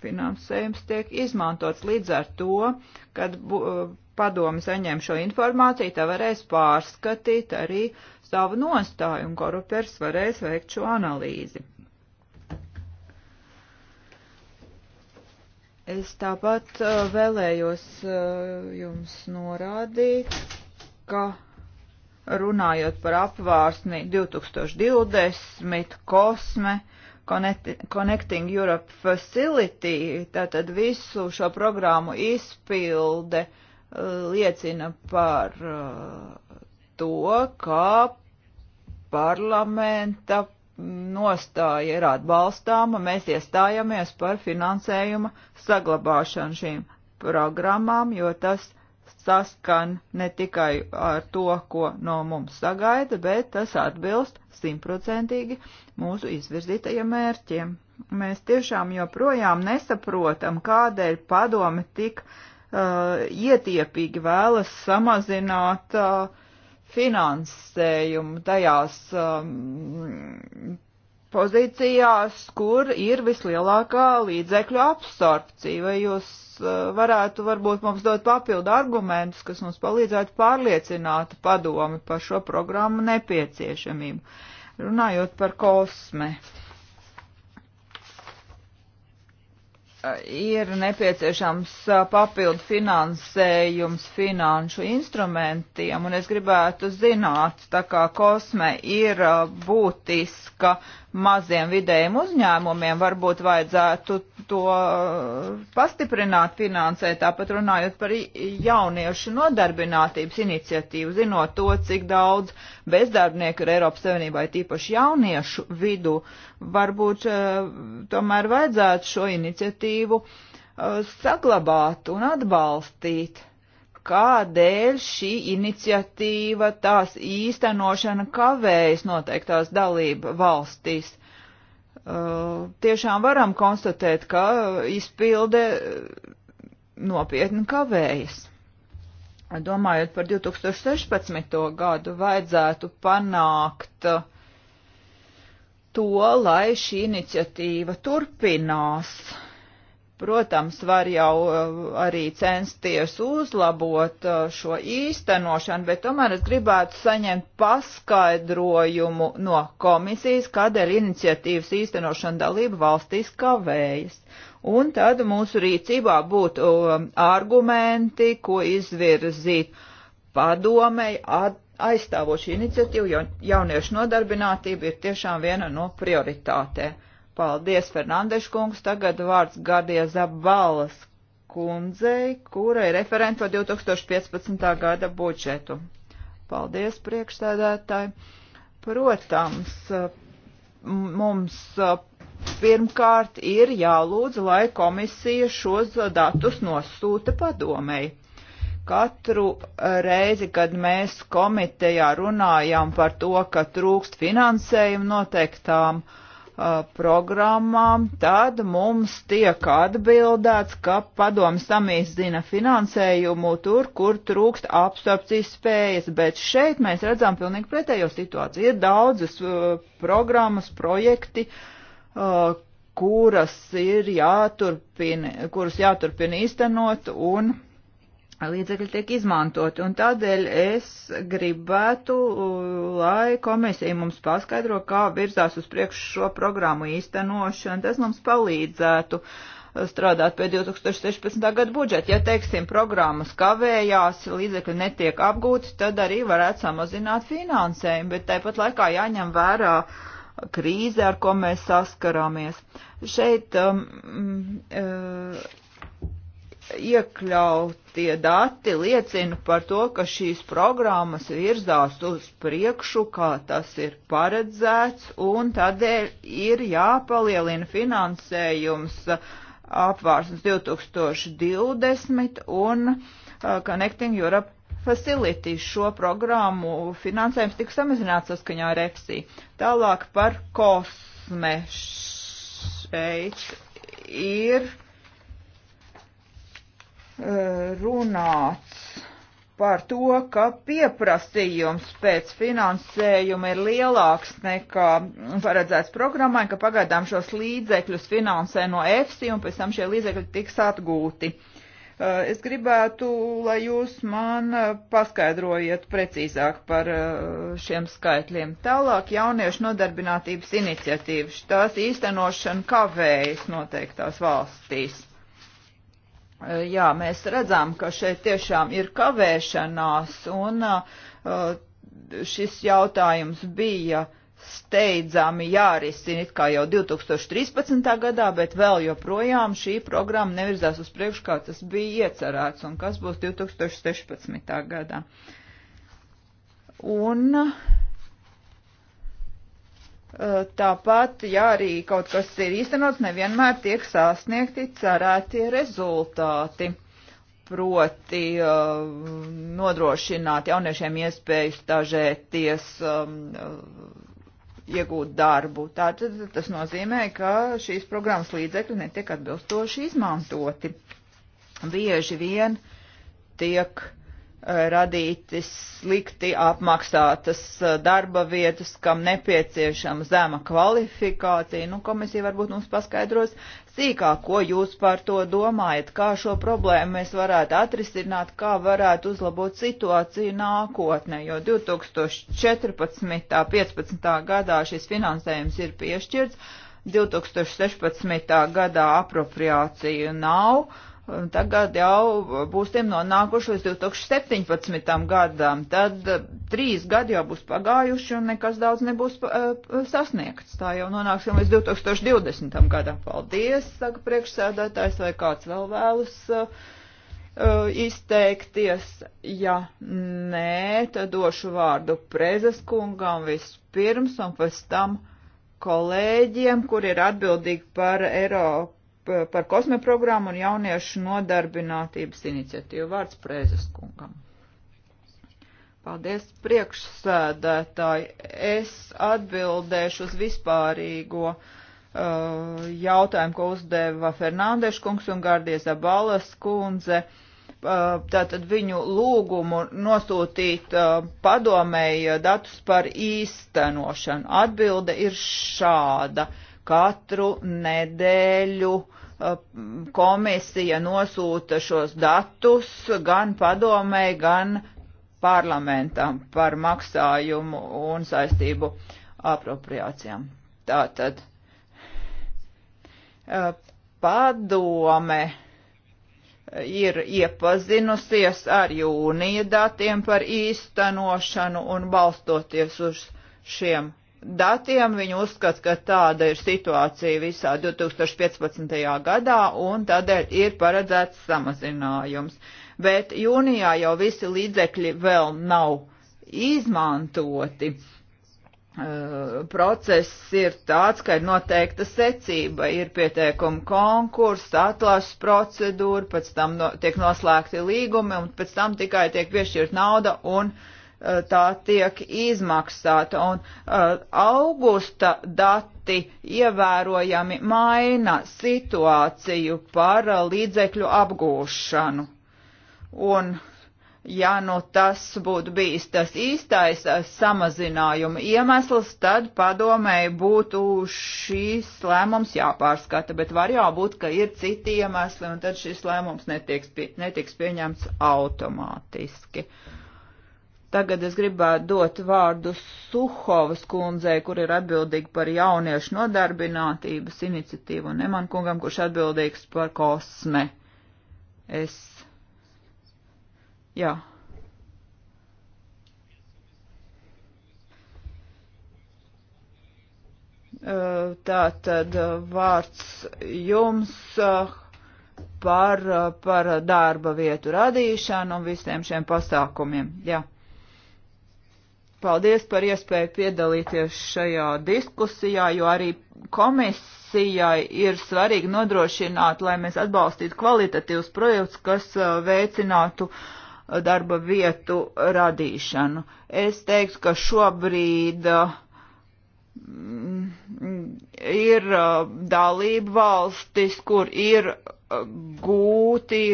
finansējums tiek izmantots. Līdz ar to, kad padomi saņem šo informāciju, tā varēs pārskatīt arī savu nostāju un korupers varēs veikt šo analīzi. Es tāpat vēlējos jums norādīt, ka runājot par apvārsni 2020, kosme, Connecting Europe Facility, tātad visu šo programmu izpilde uh, liecina par uh, to, kā parlamenta nostāja ir atbalstāma, mēs iestājamies par finansējuma saglabāšanu šīm programmām, jo tas saskan ne tikai ar to, ko no mums sagaida, bet tas atbilst simtprocentīgi mūsu izvirzītajiem mērķiem. Mēs tiešām joprojām nesaprotam, kādēļ padome tik uh, ietiepīgi vēlas samazināt uh, finansējumu tajās um, pozīcijās, kur ir vislielākā līdzekļu absorpcija. Vai jūs uh, varētu varbūt mums dot papildu argumentus, kas mums palīdzētu pārliecināt padomi par šo programmu nepieciešamību? Runājot par kosme. Uh, ir nepieciešams uh, papildu finansējums finanšu instrumentiem, un es gribētu zināt, tā kā kosme ir būtiska maziem vidējiem uzņēmumiem varbūt vajadzētu to uh, pastiprināt finansē, tāpat runājot par jauniešu nodarbinātības iniciatīvu, zinot to, cik daudz bezdarbnieku ir Eiropas Savienībā, tīpaši jauniešu vidu, varbūt uh, tomēr vajadzētu šo iniciatīvu uh, saglabāt un atbalstīt kādēļ šī iniciatīva, tās īstenošana kavējas noteiktās dalība valstīs. Uh, tiešām varam konstatēt, ka izpilde nopietni kavējas. Domājot par 2016. gadu, vajadzētu panākt uh, to, lai šī iniciatīva turpinās. Uh, Protams, var jau eh, arī censties uzlabot eh, šo īstenošanu, bet tomēr es gribētu saņemt paskaidrojumu no komisijas, kādēļ iniciatīvas īstenošana dalība valstīs kavējas. Un tad mūsu rīcībā būtu eh, argumenti, ko izvirzīt padomei aizstāvošu iniciatīvu, jo jauniešu nodarbinātība ir tiešām viena no prioritātēm Paldies, Fernandeša kungs. Tagad vārds Gardie Zabalas kundzei, kura ir referenta par 2015. gada budžetu. Paldies, priekšsēdētāji. Protams, mums pirmkārt ir jālūdz, lai komisija šos datus nosūta padomēji katru reizi, kad mēs komitejā runājām par to, ka trūkst finansējumu noteiktām uh, Uh, programmām, tad mums tiek atbildēts, ka padomu samīstina finansējumu tur, kur trūkst absorpcijas spējas, bet šeit mēs redzam pilnīgi pretējo situāciju. Ir daudzas uh, programmas, projekti, uh, kuras ir jāturpina, kuras jāturpina īstenot un līdzekļi tiek izmantoti, un tādēļ es gribētu, uh, lai komisija mums paskaidro, kā virzās uz priekšu šo programmu īstenošanu, tas mums palīdzētu uh, strādāt pie 2016. gada budžeta. Ja, teiksim, programmas kavējās, līdzekļi netiek apgūti, tad arī varētu samazināt finansējumu, bet tāpat laikā jāņem vērā krīze, ar ko mēs saskarāmies. Šeit um, mm, uh, iekļautie dati liecina par to, ka šīs programmas virzās uz priekšu, kā tas ir paredzēts, un tādēļ ir jāpalielina finansējums apvārsnes 2020 un uh, Connecting Europe Facility. Šo programmu finansējums tika samazināts saskaņā ar EFSI. Tālāk par kosme šeit ir runāts par to, ka pieprasījums pēc finansējuma ir lielāks nekā paredzēts programmai, ka pagaidām šos līdzekļus finansē no EFSI un pēc tam šie līdzekļi tiks atgūti. Eh, es gribētu, lai jūs man eh, paskaidrojiet precīzāk par eh, šiem skaitļiem. Tālāk jauniešu nodarbinātības iniciatīvas, tās īstenošana kavējas noteiktās valstīs Eh, jā, mēs redzam, ka šeit tiešām ir kavēšanās, un eh, šis jautājums bija steidzami jārisina it kā jau 2013. gadā, bet vēl joprojām šī programma nevirzās uz priekšu, kā tas bija iecerēts, un kas būs 2016. gadā. Un uh, Eh, tāpat, ja arī kaut kas ir īstenots, nevienmēr tiek sasniegti cerētie rezultāti. Proti eh, nodrošināt jauniešiem iespēju stažēties, um, eh, iegūt darbu. Tātad tas nozīmē, ka šīs programmas līdzekļi netiek atbilstoši izmantoti. Bieži vien tiek Eh, radīti slikti apmaksātas eh, darba vietas, kam nepieciešama zema kvalifikācija. Nu, komisija varbūt mums paskaidros sīkāk, ko jūs par to domājat, kā šo problēmu mēs varētu atrisināt, kā varētu uzlabot situāciju nākotnē, jo 2014. 15. gadā šis finansējums ir piešķirts, 2016. gadā apropriāciju nav tagad jau būsim nonākuši līdz 2017. gadam. Tad eh, trīs gadi jau būs pagājuši un nekas daudz nebūs eh, sasniegts. Tā jau nonāksim līdz 2020. gadam. Paldies, saka priekšsēdētājs, vai kāds vēl vēlas eh, izteikties. Ja nē, tad došu vārdu prezes kungam vispirms un pēc tam kolēģiem, kur ir atbildīgi par Eiropu par kosme programmu un jauniešu nodarbinātības iniciatīvu. Vārds Prēzes kungam. Paldies, priekšsēdētāji. Es atbildēšu uz vispārīgo uh, jautājumu, ko uzdeva Fernandeša kungs un Gārdieza Balas kundze. Uh, tātad viņu lūgumu nosūtīt uh, padomēja datus par īstenošanu. Atbilde ir šāda. Katru nedēļu uh, Eh, komisija nosūta šos datus gan padomē, gan parlamentam par maksājumu un saistību apropriācijām. Tātad eh, padome ir iepazinusies ar jūnija datiem par īstenošanu un balstoties uz šiem datiem. Viņi uzskata, ka tāda ir situācija visā 2015. gadā un tādēļ ir paredzēts samazinājums. Bet jūnijā jau visi līdzekļi vēl nav izmantoti. Uh, process ir tāds, ka ir noteikta secība, ir pieteikuma konkurss, atlases procedūra, pēc tam no, tiek noslēgti līgumi un pēc tam tikai tiek piešķirt nauda un uh, Eh, tā tiek izmaksāta. Un uh, augusta dati ievērojami maina situāciju par uh, līdzekļu apgūšanu. Un, ja nu tas būtu bijis tas īstais uh, samazinājuma iemesls, tad padomēji būtu šīs lēmums jāpārskata, bet var jau būt, ka ir citi iemesli, un tad šis lēmums netiks, pie, netiks pieņemts automātiski. Uh, Tagad es gribētu dot vārdu Suhovas kundzei, kur ir atbildīga par jauniešu nodarbinātības iniciatīvu, un Eman kungam, kurš atbildīgs par kosme. Es. Jā. Tā tad vārds jums par, par darba vietu radīšanu un visiem šiem pasākumiem. Jā. Ja. Paldies par iespēju piedalīties šajā diskusijā, jo arī komisijai ir svarīgi nodrošināt, lai mēs atbalstītu kvalitatīvus projektus, kas veicinātu darba vietu radīšanu. Es teiktu, ka šobrīd ir dalība valstis, kur ir gūti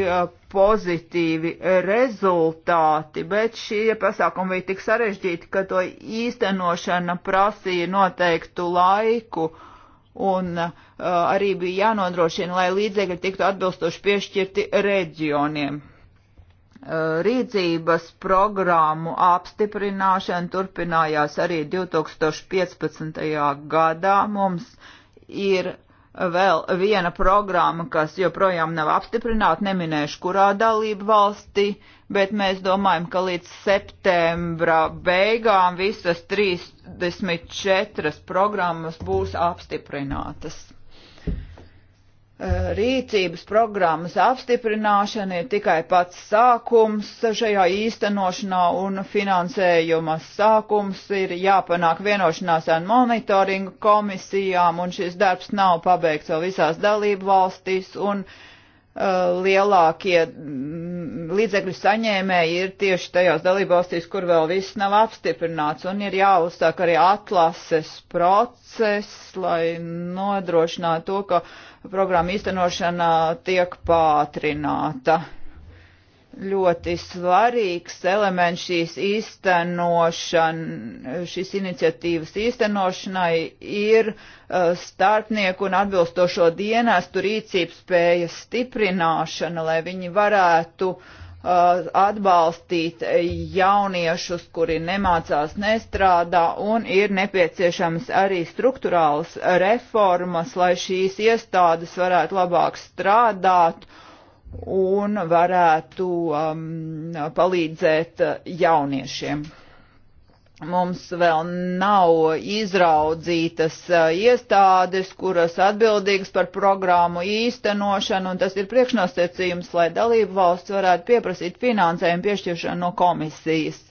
pozitīvi rezultāti, bet šie pasākumi bija tik sarežģīti, ka to īstenošana prasīja noteiktu laiku un uh, arī bija jānodrošina, lai līdzekļi tiktu atbilstoši piešķirti reģioniem. Uh, rīcības programmu apstiprināšana turpinājās arī 2015. gadā. Mums ir vēl viena programma, kas joprojām nav apstiprināta, neminēšu, kurā dalība valstī, bet mēs domājam, ka līdz septembra beigām visas 34 programmas būs apstiprinātas. Eh, rīcības programmas apstiprināšana ir tikai pats sākums šajā īstenošanā un finansējuma sākums ir jāpanāk vienošanās ar monitoringu komisijām un šis darbs nav pabeigts vēl visās dalību valstīs un uh, Uh, lielākie mm, līdzekļu saņēmēji ir tieši tajās dalībvalstīs, kur vēl viss nav apstiprināts, un ir jāuzsāk arī atlases process, lai nodrošinātu to, ka programma īstenošana tiek pātrināta. Uh, ļoti svarīgs elements šīs īstenošana, šīs iniciatīvas īstenošanai ir uh, starpnieku un atbilstošo dienestu rīcības spējas stiprināšana, lai viņi varētu uh, atbalstīt jauniešus, kuri nemācās, nestrādā, un ir nepieciešams arī struktūrāls reformas, lai šīs iestādes varētu labāk strādāt un varētu um, palīdzēt jauniešiem. Mums vēl nav izraudzītas uh, iestādes, kuras atbildīgas par programmu īstenošanu, un tas ir priekšnosacījums, lai dalību valsts varētu pieprasīt finansējumu piešķiršanu no komisijas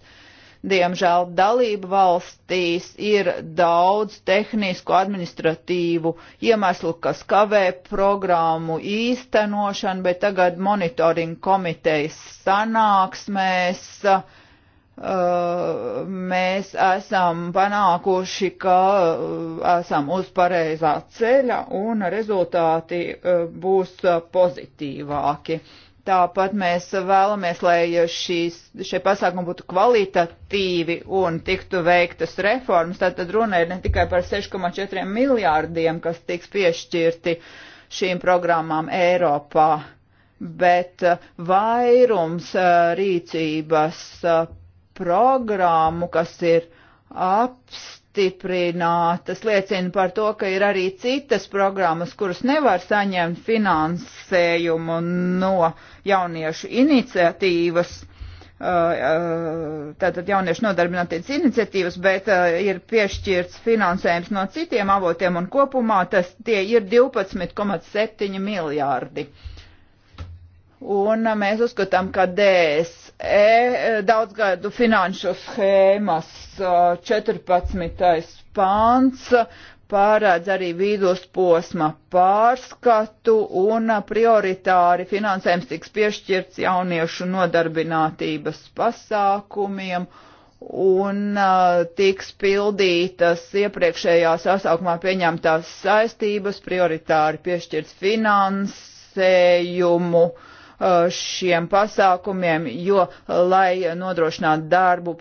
Diemžēl dalību valstīs ir daudz tehnisku administratīvu iemeslu, kas kavē programmu īstenošanu, bet tagad monitoringa komitejas sanāksmēs uh, mēs esam panākuši, ka uh, esam uz pareizā ceļa un rezultāti uh, būs pozitīvāki. Tāpat mēs vēlamies, lai šīs, šie pasākumi būtu kvalitatīvi un tiktu veiktas reformas. Tātad runa ir ne tikai par 6,4 miljārdiem, kas tiks piešķirti šīm programmām Eiropā, bet eh, vairums eh, rīcības eh, programmu, kas ir apstākļi, apstiprinātas, liecina par to, ka ir arī citas programmas, kuras nevar saņemt finansējumu no jauniešu iniciatīvas. Uh, uh, tātad jauniešu nodarbinātības iniciatīvas, bet uh, ir piešķirts finansējums no citiem avotiem un kopumā tas tie ir 12,7 miljārdi. Un mēs uzskatām, ka DS e, daudzgadu finanšu schēmas 14. E, pāns pārēdz arī vidusposma pārskatu un prioritāri finansējums tiks piešķirts jauniešu nodarbinātības pasākumiem un e, tiks pildītas iepriekšējā sasaukumā pieņemtās saistības, prioritāri piešķirts finansējumu uh, Uh, šiem pasākumiem, jo, lai nodrošinātu darbu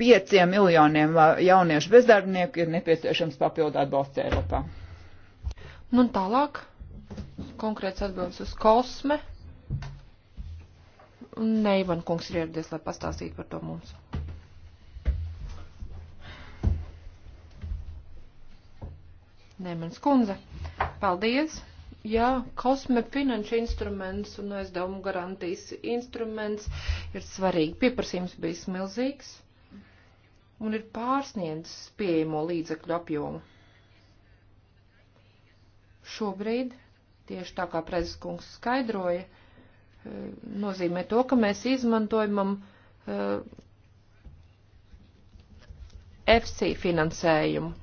pieciem miljoniem jauniešu bezdarbnieku, ir nepieciešams papildu atbalsts Eiropā. Un tālāk konkrēts atbildes uz kosme. Nē, Ivan kungs ir ieradies, lai pastāstītu par to mums. Nē, mans kundze. Paldies! Jā, kosme finanšu instruments un aizdevumu garantijas instruments ir svarīgi. Pieprasījums bijis milzīgs un ir pārsniedzis pieejamo līdzekļu apjomu. Šobrīd, tieši tā kā prezidents skaidroja, eh, nozīmē to, ka mēs izmantojam eh, FC finansējumu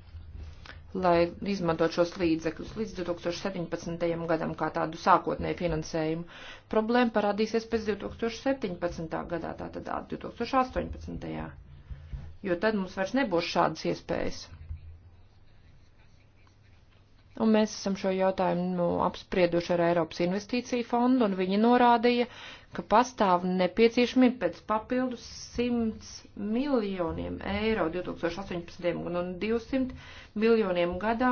lai izmantot šos līdzekļus līdz 2017. gadam kā tādu sākotnēju finansējumu. Problēma parādīsies pēc 2017. gadā, tātad 2018. jo tad mums vairs nebūs šādas iespējas. Un mēs esam šo jautājumu apsprieduši ar Eiropas investīciju fondu, un viņi norādīja, ka pastāv nepieciešamība pēc papildus 100 miljoniem eiro 2018. un 200 miljoniem gadā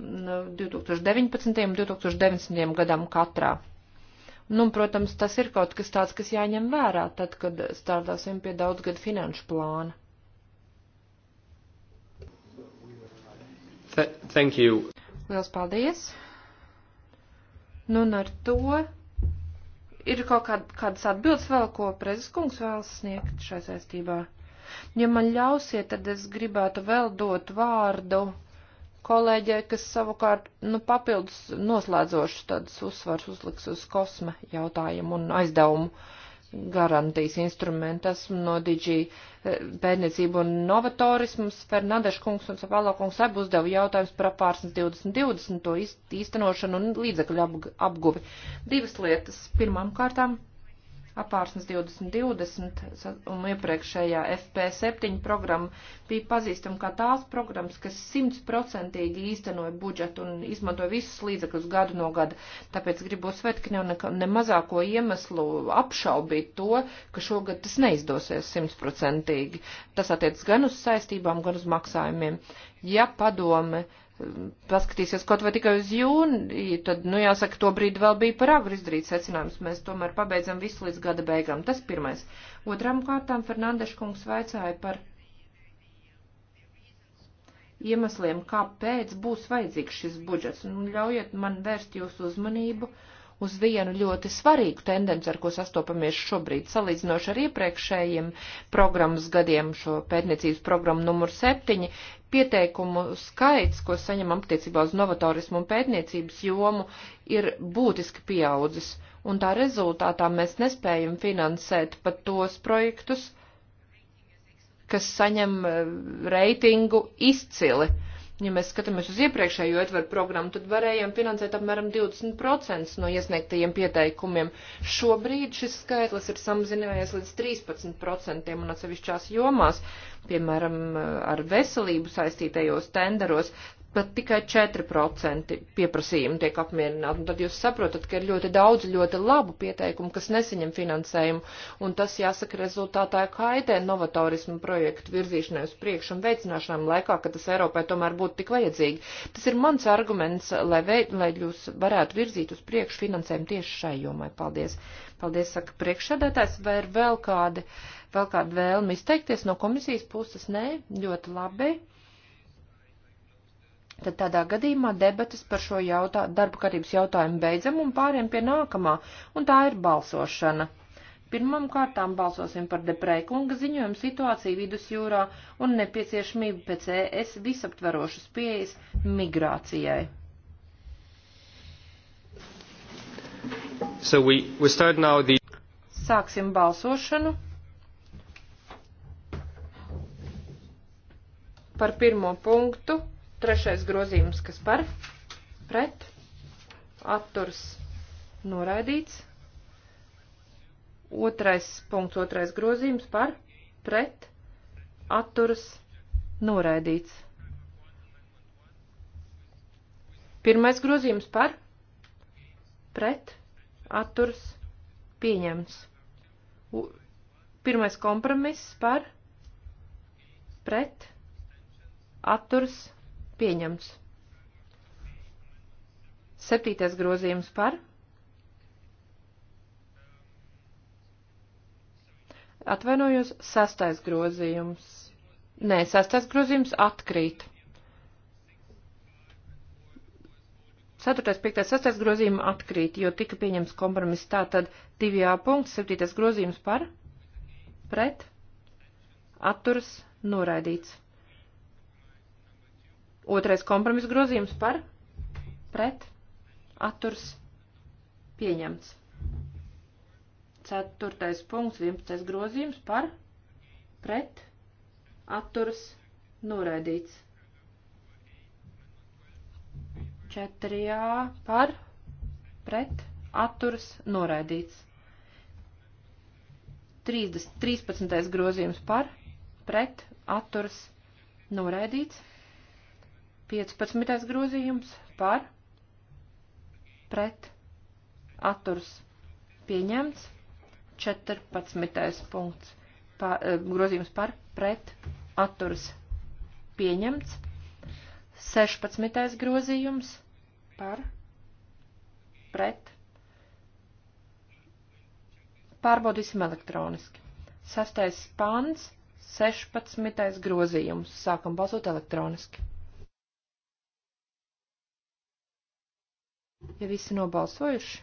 2019. Nu, un 2019. gadam katrā. Nu, protams, tas ir kaut kas tāds, kas jāņem vērā, tad, kad strādāsim pie daudzgad finanšu plāna. Th thank you. Liels paldies! Nu, un ar to ir kaut kād, kādas atbildes vēl, ko prezes kungs vēlas sniegt šai saistībā. Ja man ļausiet, tad es gribētu vēl dot vārdu kolēģei, kas savukārt, nu, papildus noslēdzošus tādus uzsvars uzliks uz kosme jautājumu un aizdevumu. Uh, garantijas instrumenta. Esmu no DG eh, pētniecību un novatorismus. Fernandeša kungs un Savalo kungs abi uzdeva jautājumus par apārsnes 2020 to īstenošanu un līdzekļu apguvi. Divas lietas. Pirmām kārtām apārsnes 2020 un iepriekšējā FP7 programma bija pazīstama kā tās programmas, kas simtprocentīgi īstenoja budžetu un izmantoja visus līdzekļus gadu no gada. Tāpēc gribu uzsvērt, ka nav ne, ne mazāko iemeslu apšaubīt to, ka šogad tas neizdosies simtprocentīgi. Tas attiec gan uz saistībām, gan uz maksājumiem. Ja padome paskatīsies kaut vai tikai uz jūniju, tad, nu, jāsaka, to brīdi vēl bija par agru izdarīt secinājums. Mēs tomēr pabeidzam visu līdz gada beigām. Tas pirmais. Otram kārtām Fernandeškungs vaicāja par iemesliem, kāpēc būs vajadzīgs šis budžets. Nu, ļaujiet man vērst jūsu uzmanību uz vienu ļoti svarīgu tendenci, ar ko sastopamies šobrīd, salīdzinoši ar iepriekšējiem programmas gadiem, šo pētniecības programmu numur 7, pieteikumu skaits, ko saņemam attiecībā uz novatorismu un pētniecības jomu, ir būtiski pieaudzis, un tā rezultātā mēs nespējam finansēt pat tos projektus, kas saņem eh, reitingu izcili. Uh, Ja mēs skatāmies uz iepriekšējo ietveru programmu, tad varējām finansēt apmēram 20% no iesniegtajiem pieteikumiem. Šobrīd šis skaitlis ir samazinājies līdz 13% un atsevišķās jomās, piemēram, ar veselību saistītajos tenderos, pat tikai 4% pieprasījumu tiek apmierināti. Un tad jūs saprotat, ka ir ļoti daudz ļoti labu pieteikumu, kas nesaņem finansējumu, un tas, jāsaka, rezultātā kaitē novatorismu projektu virzīšanai uz priekšu un veicināšanām laikā, kad tas Eiropai tomēr būtu tik vajadzīgi. Tas ir mans arguments, lai, veid, lai jūs varētu virzīt uz priekšu finansējumu tieši šai jomai. Paldies. Paldies, saka priekšsēdētājs, vai ir vēl kādi, vēl kādi vēlmi izteikties no komisijas puses? Nē, ļoti labi. Tad tādā gadījumā debatas par šo jautā, darba kārtības jautājumu beidzam un pāriem pie nākamā, un tā ir balsošana. Pirmam kārtām balsosim par deprēkunga ziņojumu situāciju vidusjūrā un nepieciešamību pēc ES visaptverošas pieejas migrācijai. So we, we start now the... Sāksim balsošanu. Par pirmo punktu Trešais grozījums, kas par, pret, atturs, noraidīts. Otrais punkts, otrais grozījums par, pret, atturs, noraidīts. Pirmais grozījums par, pret, atturs, pieņemts. U, pirmais kompromiss par, pret, atturs, pieņemts Pieņemts. Septītais grozījums par. Atvainojos, sastais grozījums. Nē, sastais grozījums atkrīt. Ceturtais, piektais, sastais grozījums atkrīt, jo tika pieņems kompromiss tātad 2A punkts, septītais grozījums par, pret, atturas, noraidīts. Otrais kompromiss grozījums par pret atturs pieņemts. Ceturtais punkts, 11. grozījums par pret atturs noraidīts. 4. par pret atturs noraidīts. 30, 13. grozījums par pret atturs noraidīts. 15. grozījums par, pret, atturs pieņemts, 14. punkts, pa, eh, grozījums par, pret, atturs pieņemts, 16. grozījums par, pret, pārbaudīsim elektroniski. 6. pāns, 16. grozījums, sākam balsot elektroniski. Ja visi nobalsojuši?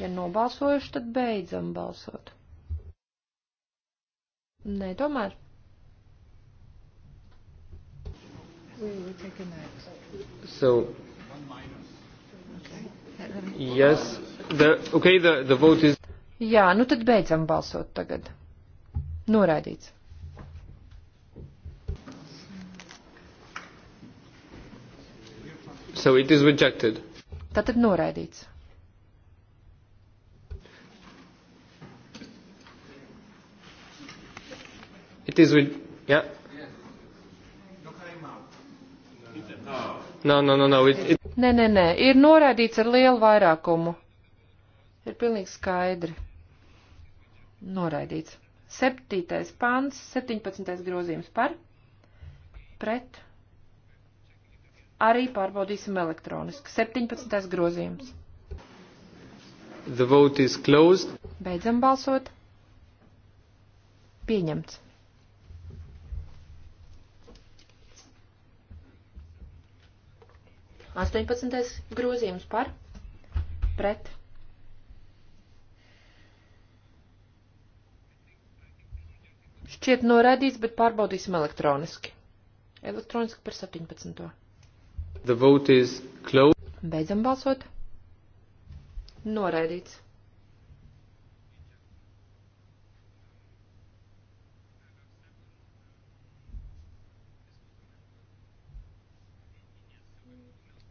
Ja nobalsojuši, tad beidzam balsot. Nē, tomēr. So, yes, the, okay, the, the vote is... Jā, nu tad beidzam balsot tagad. Noraidīts. So it is rejected. Tātad noraidīts. It is with, yeah. No, no, no, no. It, it... Nē, nē, nē, ir noraidīts ar lielu vairākumu. Ir pilnīgi skaidri. Noraidīts. Septītais pants, 17. grozījums par, pret, arī pārbaudīsim elektroniski. 17. grozījums. The vote is closed. Beidzam balsot. Pieņemts. Astoņpadsmitais grozījums par pret. Šķiet norādīts, bet pārbaudīsim elektroniski. Elektroniski par 17. The vote is closed. Beidzam balsot. Noraidīts.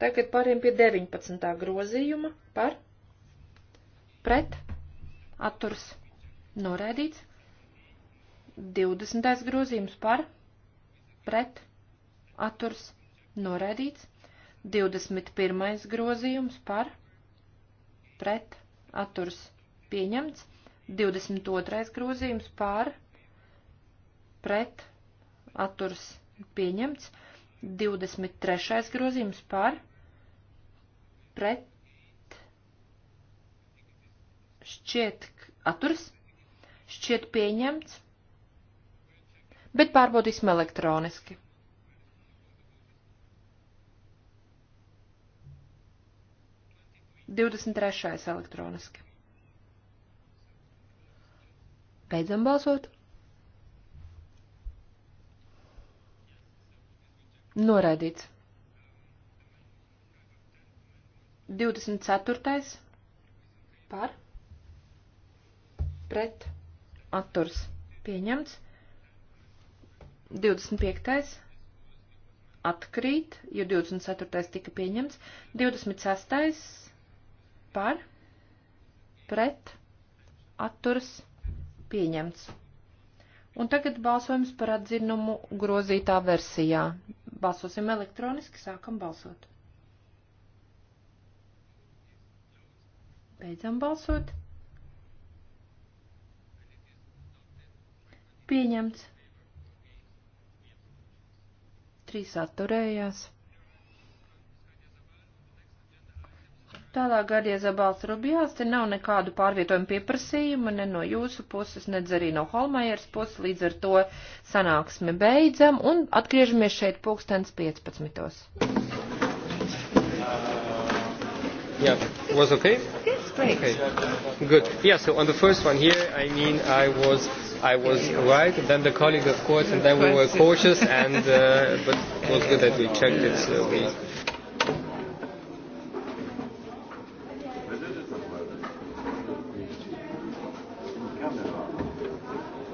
Tagad pāriem pie 19. grozījuma par pret atturs noraidīts. 20. grozījums par pret atturs noraidīts. 21. grozījums par pret atturs pieņemts, 22. grozījums par pret atturs pieņemts, 23. grozījums par pret šķiet atturs, šķiet pieņemts, bet pārbaudīsim elektroniski. 23. elektroniski. Beidzam balsot. Noraidīts. 24. par pret atturs pieņemts. 25. atkrīt, jo 24. tika pieņemts. 26 par, pret, atturas, pieņemts. Un tagad balsojums par atzinumu grozītā versijā. Balsosim elektroniski, sākam balsot. Beidzam balsot. Pieņemts. Trīs atturējās. Tālāk gadie zabals rubjās, te nav nekādu pārvietojumu pieprasījumu, ne no jūsu puses, nedz arī no Holmajeras puses, līdz ar to sanāksmi beidzam un atgriežamies šeit pulkstens 15. Yeah, was okay? Yes, great. Okay. Good. Yeah, so on the first one here, I mean, I was, I was right, then the colleague, of course, and then we were cautious, and, uh, but it was good that we checked it, so we